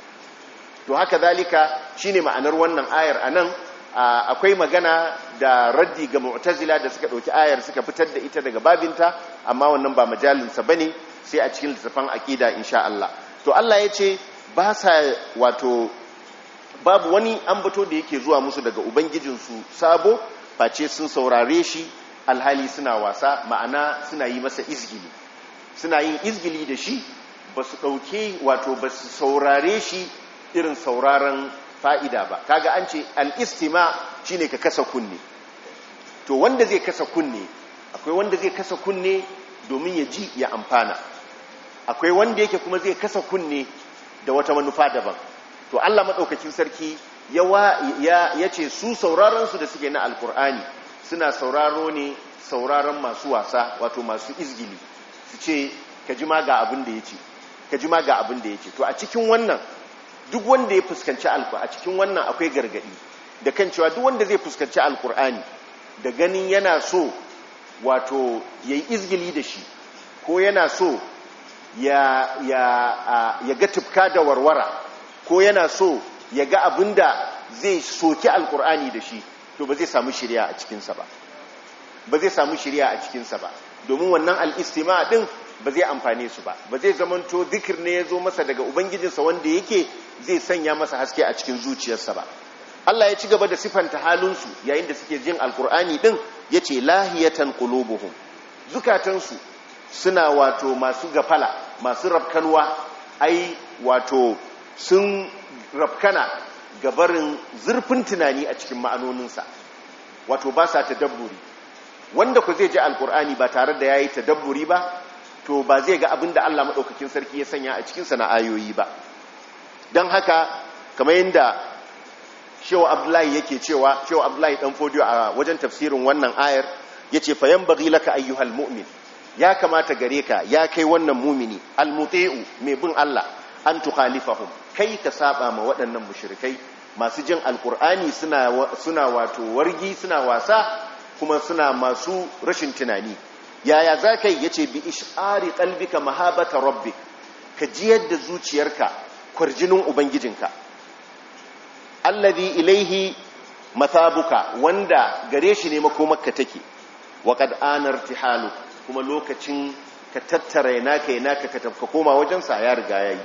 A: to haka zalika shine ma'anar wannan ayar a nan akwai magana da raddi ga mu'tazila da suka ɗauki ayar suka fitar da ita daga babinta amma wannan ba majalinsa ba ne sai a cikin littafin akida insha Allah to Allah ya ce ba sa wato babu wani an bato da yake zuwa musu daga ubangijinsu sabo face sun saurare shi alhali suna wasa ma'ana suna yi masa izgili suna yin izgili da shi ba su ɗauke wato ba su saurare shi irin sauraron fa'ida ba kaga an ce al'istima shi ne ka kasa kunne to wanda zai kasa kunne akwai wanda zai kasa kunne domin ya ji ya amfana akwai wanda yake kuma zai kasa kunne da wata manufa daban to Allah madaukakin sarki ya ya ce su sauraron su da suke na alqur'ani suna sauraro ne sauraron masu wasa wato masu izgili su ce ka ji ma ga abin da yace ka ji ma ga abin da yace to a cikin wannan duk wanda ya fuskanci alkur'ani a cikin wannan akwai gargadi da kan cewa duk wanda zai fuskanci alqur'ani da ganin yana so wato yayi izgili da shi ko yana so ya ya ya ga tufka da warwara ko yana so ya ga abin da zai soke alkur'ani da shi to ba zai samu shirya a cikinsa ba ba zai samu shirya a cikinsa ba domin wannan al'istima ɗin ba zai amfane su ba ba zai zama to zikir ne ya zo masa daga ubangijinsa wanda yake zai sanya masa haske a cikin zuciyarsa ba Allah ya ci gaba da sifanta halinsu yayin da suke jin alkur'ani ɗin ya ce lahiyatan kulubuhum zukatansu suna wato masu gafala masu rafkanwa ai wato sun rafkana gabarin zurfin tunani a cikin ma'anoninsa wato ba sa ta dabburi wanda ku zai ji alkur'ani ba tare da ya yi ta dabburi ba to ba zai ga abin da Allah maɗaukakin sarki ya sanya a cikin sana ayoyi ba don haka kamar yadda shewa abdullahi yake cewa shewa abdullahi dan fodiyo a wajen tafsirin wannan ayar ya ce fa yanbaghi laka ayyuhal mu'min ya kamata gare ka ya kai wannan mumini almuti'u mai bin Allah an tukhalifahum kai ka saba ma waɗannan mushrikai masu jin alkur'ani suna wato wargi suna wasa kuma suna masu rashin tunani yaya za ka yi ya ce bi ishari kalbika mahabata rabbi ka ji yadda zuciyarka kwarjinin ubangijinka Allabi ilaihi mathabuka wanda gare shi ne makomarka take wa Anar anarti halu kuma lokacin ka tattara naka naka ka tafka koma wajensa ya riga yayi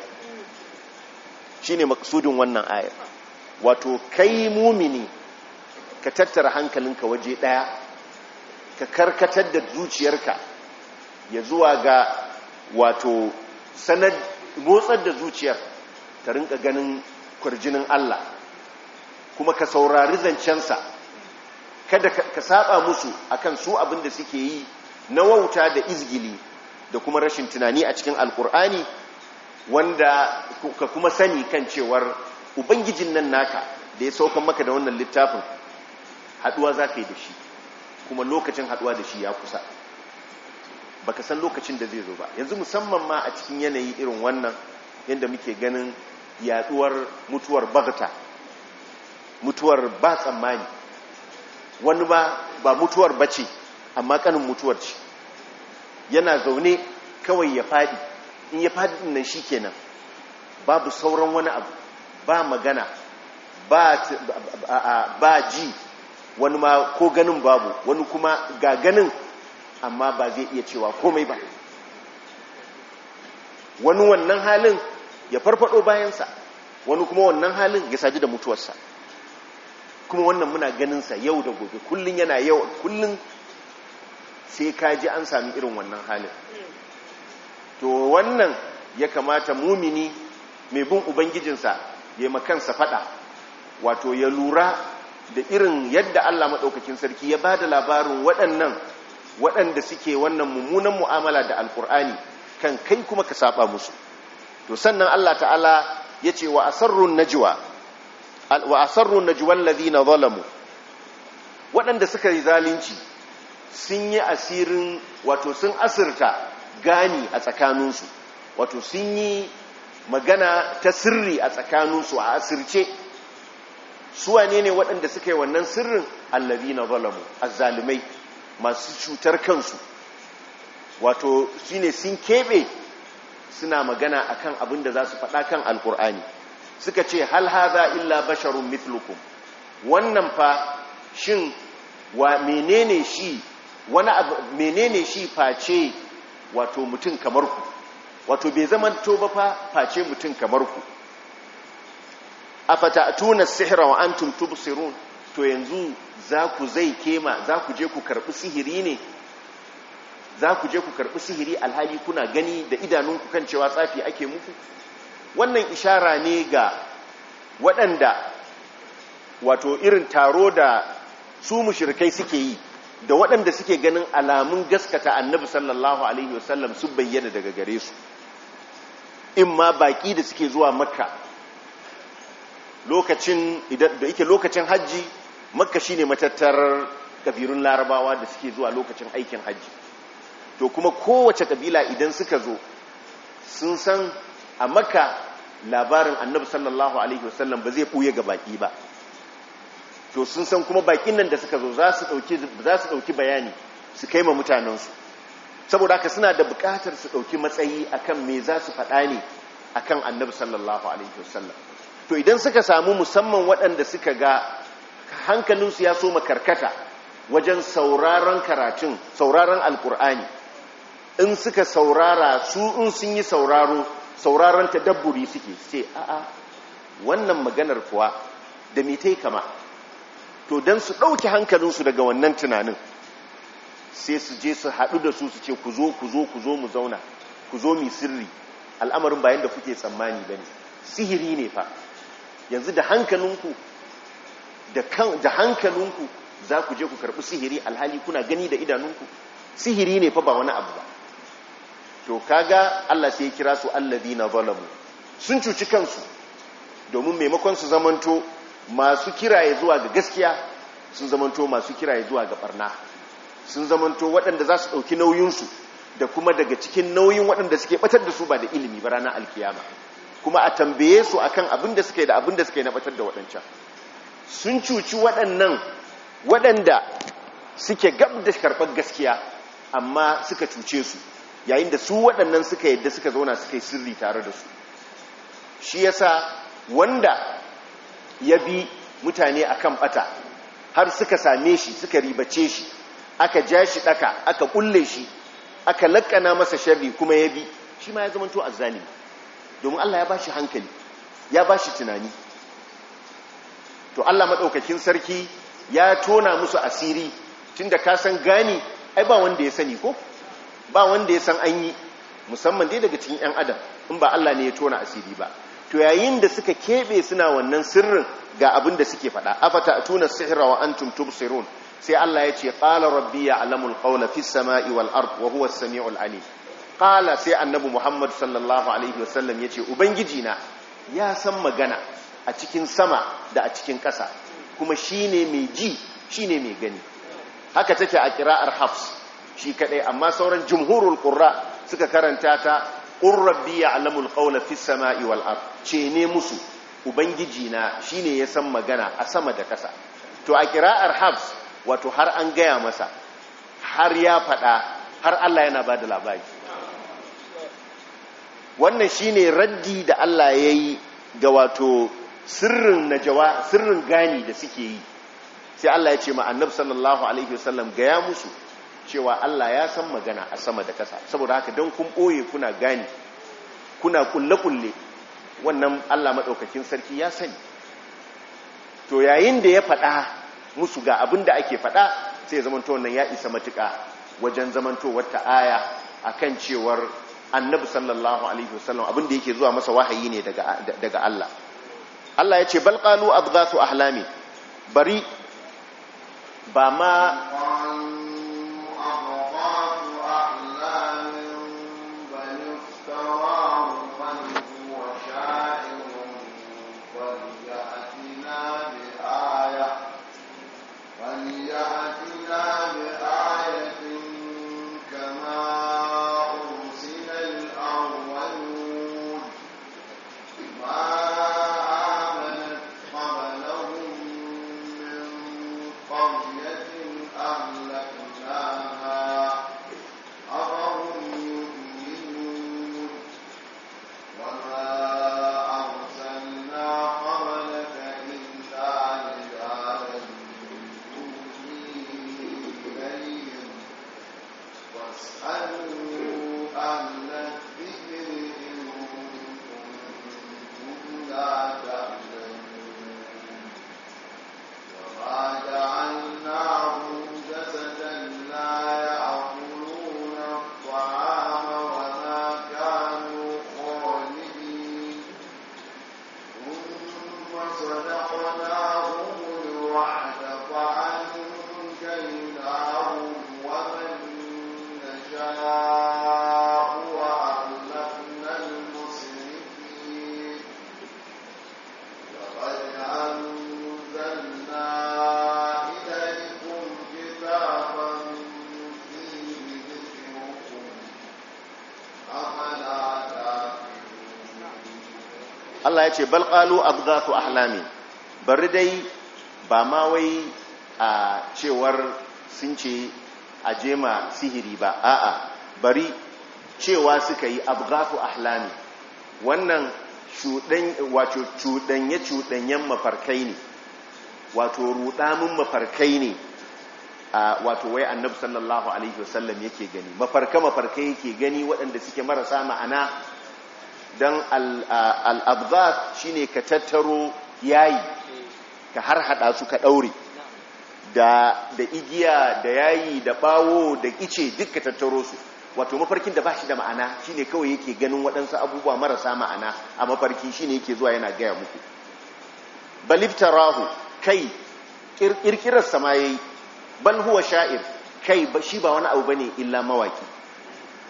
A: shine maksudin wannan ayar wato kai mumini ka tattara hankalinka waje ɗaya ka karkatar da zuciyarka ya zuwa ga wato sanad motsar da zuciyar ta rinka ganin kwarjinin Allah kuma ka saurari zancensa kada ka saba musu akan su abin da suke yi na wauta da izgili da kuma rashin tunani a cikin alkur'ani wanda ka kuma sani kan cewar ubangijin nan naka da ya saukan maka da wannan littafin haduwa za ka yi da shi kuma lokacin haduwa da shi ya kusa ba ka san lokacin da zai zo ba yanzu musamman ma a cikin yanayi irin wannan yadda muke ganin yaduwar mutuwar bagata mutuwar ba tsammani wani ba ba mutuwar bace amma kanin mutuwar ce yana zaune kawai ya fadi in ya faɗi nan shi kenan babu sauran wani abu ba magana ba ji wani ma ko ganin babu wani kuma ga ganin amma ba zai iya cewa komai ba wani wannan halin ya farfado bayansa wani kuma wannan halin ya saji da mutuwarsa kuma wannan muna ganinsa yau da gobe kullum yana yau kullum sai ka ji an sami irin wannan halin to wannan ya kamata mumini mai bin ubangijinsa ya makansa fada wato ya lura da irin yadda Allah maɗaukakin sarki ya ba da labarin waɗannan waɗanda suke wannan mummunan mu'amala da alkur'ani kan kai kuma ka saba musu to sannan Allah ta'ala ya ce wa asarrun najwa wa asarrun najwan ladina zalamu waɗanda suka yi zalunci sun yi asirin wato sun asirta gani a tsakaninsu wato sun yi magana ta sirri a tsakaninsu a asirce su ne ne waɗanda suka yi wannan sirrin allabi na zalamu zalimai masu cutar kansu wato shi ne sun keɓe suna magana akan abin da za su faɗa kan alkur'ani suka ce hal illa basharun mitlukun wannan fa shin wa menene shi wani menene shi face wato mutum kamar ku wato bai zaman ba fa face mutum kamar ku afatatuna sihra wa antum tubsirun to yanzu za ku zai kema za ku je ku karbi sihiri ne za ku je ku karbi sihiri alhali kuna gani da idanun ku kan cewa tsafi ake muku wannan ishara ne ga waɗanda wato irin taro da su mushrikai suke yi da waɗanda suke ganin alamun gaskata annabi sallallahu alaihi wasallam sun bayyana daga gare su in ma baƙi da suke zuwa makka lokacin da yake lokacin hajji makka shine matattar ƙabirun larabawa da suke zuwa lokacin aikin hajji to kuma kowace ƙabila idan suka zo sun san a makka labarin annabi sallallahu alaihi wasallam ba zai ɓuye ga baƙi ba to sun san kuma bakin nan da suka zo za su ɗauki bayani su kai ma mutanensu saboda haka suna da bukatar su ɗauki matsayi akan me za su faɗa ne akan annabi sallallahu alaihi wasallam to idan suka samu musamman waɗanda suka ga hankalinsu ya soma karkata wajen sauraron karatun sauraron alkur'ani in suka saurara su in sun yi sauraro sauraron dabburi suke sai a'a wannan maganar kuwa da mitai kama to don su ɗauki hankalinsu daga wannan tunanin sai su je su haɗu da su su ce ku zo ku zo ku zo mu zauna ku zo mi sirri al'amarin bayan da kuke tsammani ba ne sihiri ne fa yanzu da hankalinku da hankalinku za ku je ku karɓi sihiri alhali kuna gani da idanunku sihiri ne fa ba wani abu ba to kaga Allah sai ya kira su allazina zalamu sun cuci kansu domin maimakon su zamanto masu kiraye zuwa ga gaskiya sun zamanto masu kiraye zuwa ga barna sun zamanto waɗanda za su ɗauki nauyinsu da kuma daga cikin nauyin waɗanda suke batar da su ba da ilimi ba rana alkiyama kuma a tambaye su akan abin da suke da abin suke na batar da waɗancan sun cuci waɗannan waɗanda suke gab da karɓar gaskiya amma suka cuce su yayin da su waɗannan suka yadda suka zauna suka yi sirri tare da su shi yasa wanda ya bi mutane akan bata har suka same shi suka ribace shi aka ja shi daka aka kulle shi aka lakkana masa sharri kuma ya bi shi ma ya a azzalimi domin Allah ya bashi hankali ya bashi tunani to Allah maɗaukakin sarki ya tona musu asiri tunda ka san gani ai ba wanda ya sani ko ba wanda ya san an yi musamman dai daga cikin 'yan adam in ba Allah ne ya tona asiri ba to yayin da suka keɓe suna wannan sirrin ga abin da suke faɗa afata tuna sihra wa antum tubsirun sai Allah ya ce qala rabbi ya'lamul qawla fis sama'i wal ard wa huwa as-sami'ul alim qala sai annabi Muhammad sallallahu alaihi wasallam yace ubangiji na ya san magana a cikin sama da a cikin ƙasa kuma shine mai ji shine mai gani haka take a qira'ar Hafs shi kadai amma sauran jumhurul qurra suka karanta ta Ƙun rabbi ya'lamul qawla fis sama'i ce ne musu ubangiji na shi ne ya san magana a sama da ƙasa. to a kira'ar habs wato har an gaya masa har ya faɗa har Allah yana ba da labari wannan shi ne raddi da Allah ya yi ga wato sirrin na najawa sirrin gani da suke yi sai Allah ya ce ma sallallahu alaihi wasallam gaya musu cewa Allah ya san magana a sama da ƙasa, saboda haka don kun ɓoye kuna gani kuna kulle-kulle wannan Allah maɗaukakin sarki ya sani to yayin da ya faɗa musu ga abin da ake faɗa sai zamanto wannan ya isa matuka, wajen zamanto wata aya a kan cewar annabi sallallahu alaihi wasallam abin da yake zuwa masa wahayi ne daga Allah Allah ya ce balƙalu abu za su ahlami bari ba ma Allah ya ce bal qalu ahlami bari dai ba ma wai a cewar sun ce a jema sihiri ba a'a bari cewa suka yi abdatu ahlami wannan cudan wato cudanye mafarkai ne wato rudamin mafarkai ne wato wai annabi sallallahu alaihi wasallam yake gani mafarka mafarkai yake gani waɗanda suke marasa ma'ana don al shi shine ka tattaro yayi ka har hada su ka ɗaure da igiya da yayi da bawo da ice duk ka tattaro su wato mafarkin da ba shi da ma'ana shi ne kawai yake ganin waɗansu abubuwa marasa ma'ana a mafarki shi ne yake zuwa yana gaya muku baliftarahu kai ƙirƙirar samayayi bal huwa sha'ir kai shi ba wani abu bane illa mawaki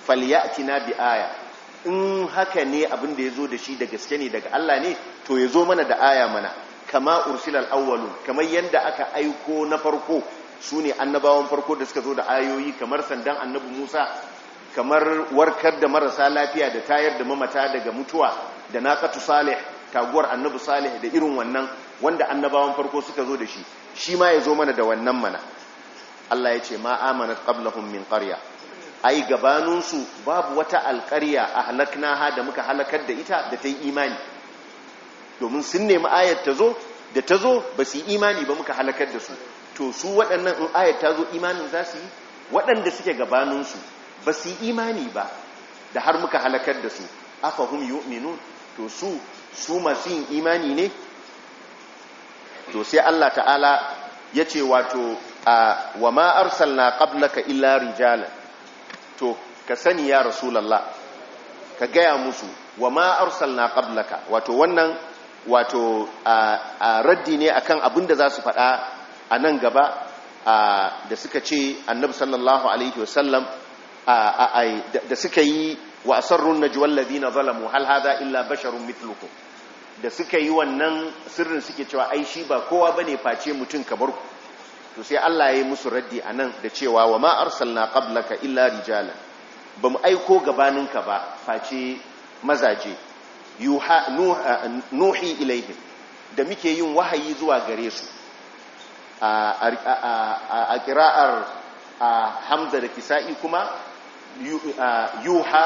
A: falyatina bi aya in haka ne abin da ya zo da shi da gaske ne daga Allah ne to ya zo mana da aya mana kama ursilal awwalun kamar yadda aka aiko na farko su ne annabawan farko da suka zo da ayoyi kamar sandan annabi Musa kamar warkar da marasa lafiya da tayar da mamata daga mutuwa da naqatu salih taguwar annabi salih da irin wannan wanda annabawan farko suka zo da shi shi ma ya zo mana da wannan mana Allah ya ce ma amanat qablahum min qaryah ai gabaninsu babu wata alƙarya a halaknaha da muka halakar da ita da ta yi imani domin sun nemi ayar ta zo da ta zo ba su yi imani ba muka halakar da su to su waɗannan in ayat ta zo imanin za su yi waɗanda suke gabaninsu ba su yi imani ba da har muka halakar da su afa yi minu to su su masu yin imani ne to sai Allah ta'ala ya ce wato wa ma arsalna ka illa rijalan to ka sani ya rasulallah ka gaya musu wa ma arsalna qablaka wato wannan wato a raddi ne akan abin da za su faɗa a nan gaba da suka ce annabi sallallahu alaihi wasallam da suka yi wa asarrun najwal ladina zalamu hal hada illa basharun mithlukum da suka yi wannan sirrin suke cewa ai shi ba kowa bane face mutum kamar ku to sai Allah ya yi musu raddi a nan da cewa wa ma arsalna qablaka illa rijala ba mu aiko gabaninka ba face mazaje nuhi ilaihim da muke yin wahayi zuwa gare su a kira'ar hamza da kisa'i kuma yuha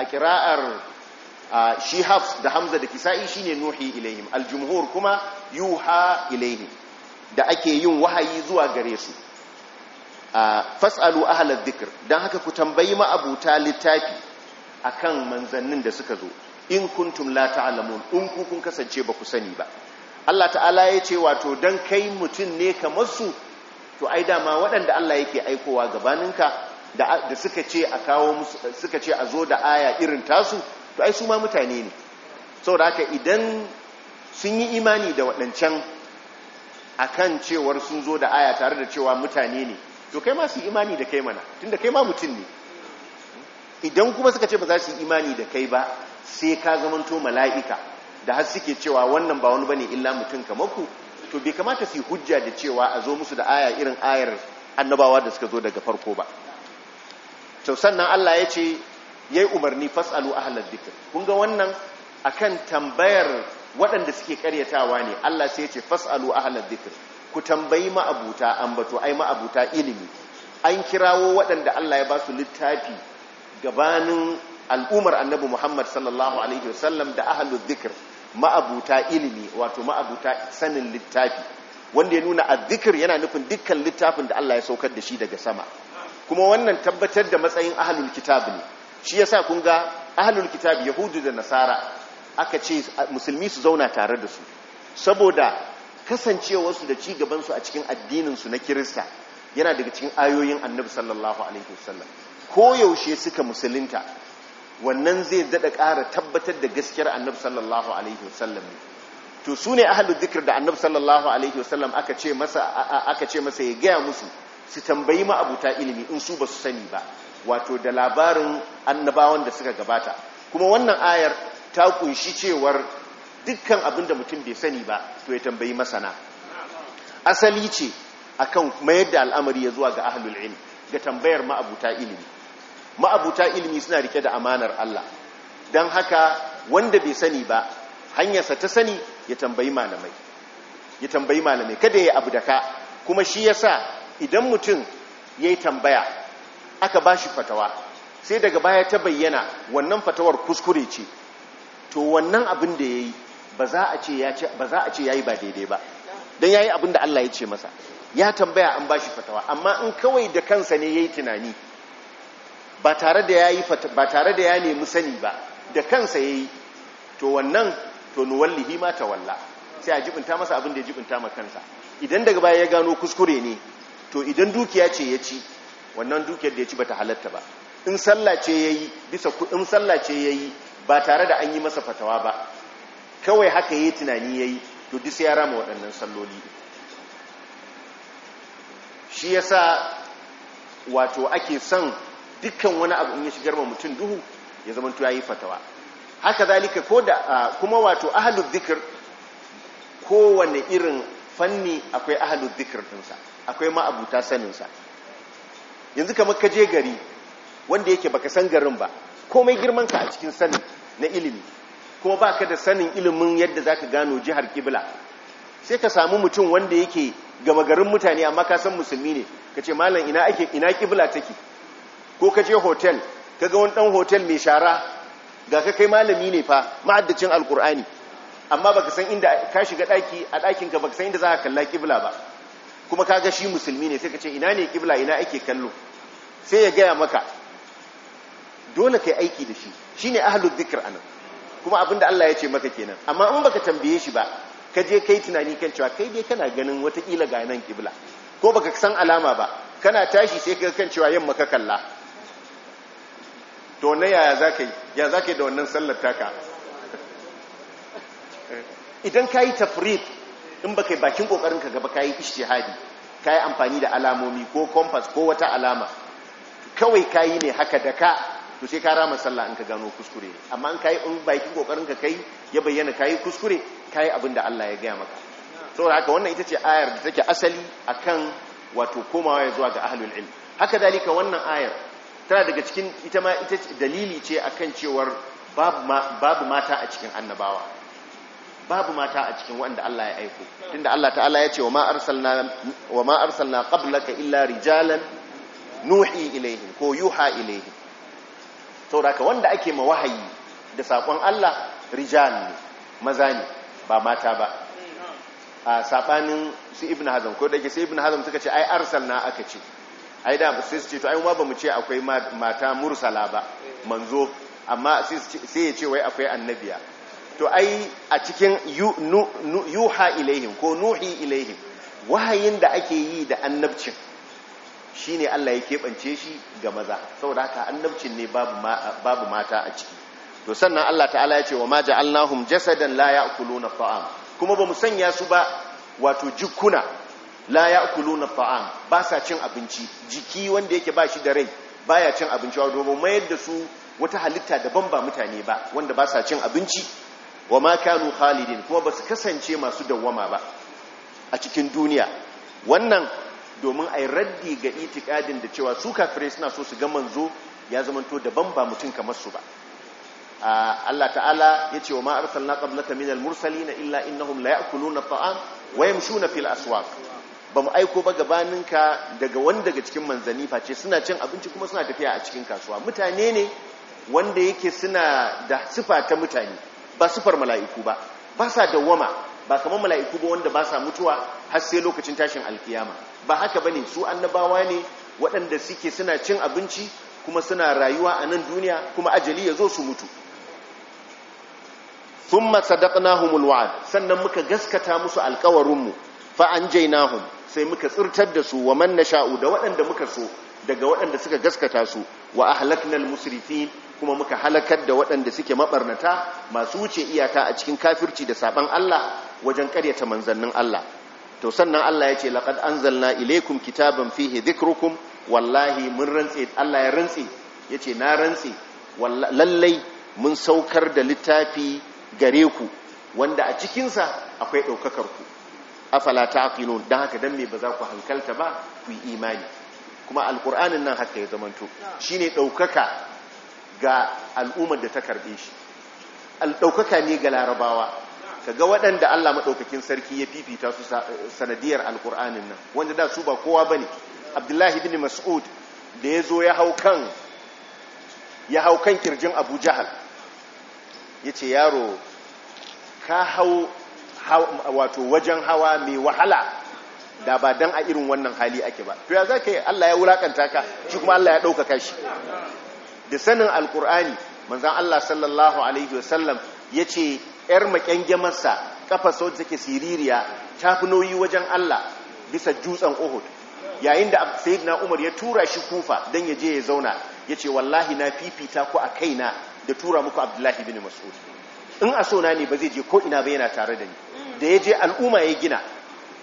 A: a kira'ar shi da hamza da kisa'i shine nuhi ilaihim aljumhur kuma yuha ilaihim da ake yin wahayi zuwa gare su a fasalu ahlal dhikr dan haka ku tambayi ma abuta littafi akan manzannin da suka zo in kuntum la ta'lamun in ku kun kasance ba ku sani ba Allah ta'ala ya ce wato dan kai mutum ne kamar su to ai dama waɗanda Allah yake aikowa gabaninka da suka ce a kawo suka ce a zo da aya irin tasu to ai su ma mutane ne saboda haka idan sun yi imani da waɗancan akan cewar sun zo da aya tare da cewa mutane ne to kai ma su imani da kai mana tun da kai ma mutum ne idan kuma suka ce ba za su imani da kai ba sai ka zamanto mala'ika da har suke cewa wannan ba wani ba ne illa mutum kamar ku to bai kamata su yi hujja da cewa a zo musu da aya irin ayar annabawa da suka zo daga farko ba to sannan Allah ya ce yayi umarni fasalu ahlal dhikr kun ga wannan akan tambayar waɗanda suke karyatawa ne Allah sai ya ce fasalu ahlal dhikr ku tambayi ma'abuta ambato ai ma'abuta ilimi an kirawo waɗanda Allah ya ba su littafi gabanin al'umar annabi Muhammad sallallahu alaihi wasallam da ahlul dhikr ma'abuta ilimi wato ma'abuta sanin littafi wanda ya nuna azzikir yana nufin dukkan littafin da Allah ya saukar da shi daga sama kuma wannan tabbatar da matsayin ahlul kitab ne shi yasa kun ga ahlul kitab yahudu da nasara aka ce musulmi su zauna tare da su saboda kasancewarsu da ci gabansu a cikin addininsu na kirista yana daga cikin ayoyin annabi sallallahu alaihi wasallam yaushe suka musulunta wannan zai daɗa ƙara tabbatar da gaskiyar annabi sallallahu alaihi wasallam to su ne ahalu zikir da annabi sallallahu alaihi wasallam aka ce masa aka ce masa ya gaya musu su tambayi ma ma'abuta ilimi in su basu sani ba wato da labarin annabawan da suka gabata kuma wannan ayar ta kunshi cewar dukkan abin da mutum bai sani ba to ya tambayi masana asali ce akan mayar da al'amari ya zuwa ga ahlul ilm ga tambayar ma'abuta ilimi ma'abuta ilimi suna rike da amanar Allah don haka wanda bai sani ba hanyarsa ta sani ya tambayi malamai ya tambayi malamai kada ya abu da ka kuma shi ya sa idan mutum ya yi tambaya aka ba shi fatawa sai daga baya ta bayyana wannan fatawar kuskure ce to wannan abin da ya yi ba za a ce ya yi ba daidai ba don ya yi abin da Allah ya ce masa ya tambaya an ba shi fatawa amma in kawai da kansa ne ya yi tunani ba tare da ya nemi sani ba da kansa ya yi to wannan to nuwallihi ma ta walla sai a jibinta masa abin da ya jibinta ma kansa idan daga baya ya gano kuskure ne to idan dukiya ce ya ci wannan dukiyar da ya ci bata halatta ba in sallah ce yi. bisa sallah ce yayi ba tare da an yi masa fatawa ba kawai haka yi tunani ya yi to duk ya rama waɗannan salloli shi ya sa wato ake son dukkan wani abu in ya shigar ma mutum duhu ya zama ya yi fatawa haka zalika ko da kuma wato ahalud zikir kowane irin fanni akwai ahalud zikir ɗinsa akwai ma'abuta saninsa yanzu kamar ka je gari wanda yake baka san garin ba komai girmanka a cikin sanin na ilimi ko ba ka da sanin ilimin yadda za ka gano jihar kibla sai ka samu mutum wanda yake gama garin mutane amma ka san musulmi ne ka ce malam ina ake ina kibla take ko ka je hotel ka ga wani dan hotel mai shara ga ka kai malami ne fa ma'addacin alkur'ani amma baka san inda ka shiga daki a dakin ka baka san inda za ka kalla kibla ba kuma ka ga shi musulmi ne sai ka ce ina ne kibla ina ake kallo sai ya gaya maka dole ka yi aiki da shi shi shine ahlul a anan kuma abinda Allah ya ce maka kenan amma in baka tambaye shi ba ka je kai tunani kan cewa kai dai kana ganin watakila ga nan kibla ko baka san alama ba kana tashi sai ka kan cewa yamma ka kalla to na yaya za ka yi ya yi da wannan sallar taka idan ka yi tafrit in baka bakin kokarin ka gaba ka yi kai ka yi amfani da alamomi ko compass ko wata alama kawai ka yi ne haka da ka to sai ka rama sallah in ka gano kuskure amma in kai in bakin kokarin ka kai ya bayyana kai kuskure kai abin da Allah ya gaya maka saboda haka wannan ita ce ayar da take asali akan wato komawa ya zuwa ga ahlul ilm haka dalika wannan ayar tana daga cikin ita ma ita ce dalili ce akan cewar babu mata a cikin annabawa babu mata a cikin wanda Allah ya aiko tunda Allah ta'ala ya ce wa ma arsalna wa ma arsalna qablaka illa rijalan nuhi ilaihim ko yuha ilaihim sauraka wanda ake ma wahayi da saƙon Allah rijal ne maza ne ba mata ba a saɓanin su ibn hazm ko da ke sai ibn hazm suka ce ai arsal na aka ce ai da sai su ce to ai ma bamu ce akwai mata mursala ba manzo amma sai ya ce wai akwai annabiya to ai a cikin yuha ilaihim ko nuhi ilaihim wahayin da ake yi da annabcin Shi ne Allah ya keɓance shi ga maza saboda haka annabcin ne babu mata a ciki to sannan Allah ta'ala ya ce wa ma ja'alnahum jasadan la ya na fa'am kuma bamu sanya su ba wato jikuna la ya na fa'am ba sa cin abinci jiki wanda yake ba shi da rai ba ya cin abinci wato ba mayar da su wata halitta daban ba mutane ba wanda ba sa cin abinci wa ma kanu khalidin kuma ba su kasance masu dawwama ba a cikin duniya wannan domin a yi raddi ga itikadin da cewa su kafire suna so su ga manzo ya zamanto daban ba mutum kamar su ba Allah ta'ala ya ce wa ma arsalna qablaka min al na illa innahum la ya'kuluna at-ta'am wa yamshuna fil aswaq ba mu aiko ba gabaninka daga wanda daga cikin manzani face suna cin abinci kuma suna tafiya a cikin kasuwa mutane ne wanda yake suna da sifa ta mutane ba sifar mala'iku ba ba sa dawwama ba kamar mala'iku ba wanda ba sa mutuwa har sai lokacin tashin alkiyama ba haka bane su annabawa ne waɗanda suke suna cin abinci kuma suna rayuwa a nan duniya kuma ajali ya zo su mutu thumma sadaqnahumul wa'd sannan muka gaskata musu mu fa anjaynahum sai muka tsirtar da su wa man nasha'u da waɗanda muka so daga waɗanda suka gaskata su wa ahlaknal musrifin kuma muka halakar da waɗanda suke mabarnata masu wuce iyaka a cikin kafirci da saban Allah wajen ƙaryata manzannin Allah to sannan Allah ya ce laqad anzalna ilaikum kitaban fihi dhikrukum wallahi mun rantse, Allah ya rantsi yace na rantse. lallai mun saukar da littafi gare ku wanda a cikinsa akwai ɗaukakar ku afala filon dan haka dan me ba za ku hankalta ba ku yi imani kuma alkur'anin nan haka ya zamanto shine ɗaukaka ga al'ummar da ta karbe shi ɗaukaka ne ga larabawa Ka ga waɗanda Allah maɗaukakin sarki ya fifita su eh, sanadiyar alkur'anin nan wanda da su ba kowa ba ne. abdullahi ibn mas'ud da ya zo ya hau kan kirjin abu jahal ya ce yaro ka hau wato wajen hawa mai wahala da ba dan a irin wannan hali ake ba to ya za ka yi Allah ya wulakanta ka shi kuma Allah ya ɗaukaka shi da sanin alkur'ani manzan Allah sallallahu alaihi wasallam ya ce yar makengyamarsa ƙafa sau ke siririya ta fi nauyi wajen Allah bisa jutsan Uhud yayin da na Umar ya tura shi Kufa don ya je ya zauna ya ce wallahi na fifita ko a kaina da tura muku Abdullahi bin Mas'ud in a sona ne ba zai je ko ina ba yana tare da ni da ya je al'umma ya gina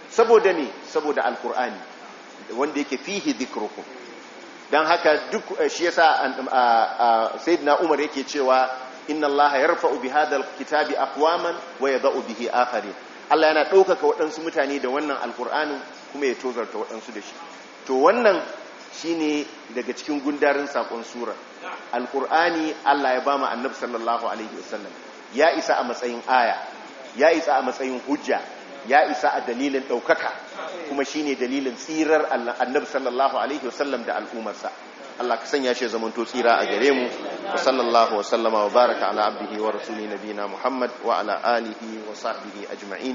A: saboda ne saboda alkur'ani wanda yake fihi dhikrukum don haka duk shi yasa na Umar yake cewa inna allaha yarfa'u bi hadha kitabi akwaman wa yadha'u bihi akharin Allah yana ɗaukaka waɗansu mutane da wannan alkur'anin kuma ya tozarta waɗansu da shi to wannan shine daga cikin gundarin sakon surar alkur'ani Allah ya bama annabi sallallahu alaihi wasallam ya isa a matsayin aya ya isa a matsayin hujja ya isa a dalilin ɗaukaka kuma shine dalilin tsirar annabi sallallahu alaihi wasallam da al'ummarsa. Allah ka sanya shi ya to tsira a gare mu wa sallallahu wa sallama wa baraka ala abdihi wa rasuli nabina Muhammad wa ala alihi wa sahbihi ajma'in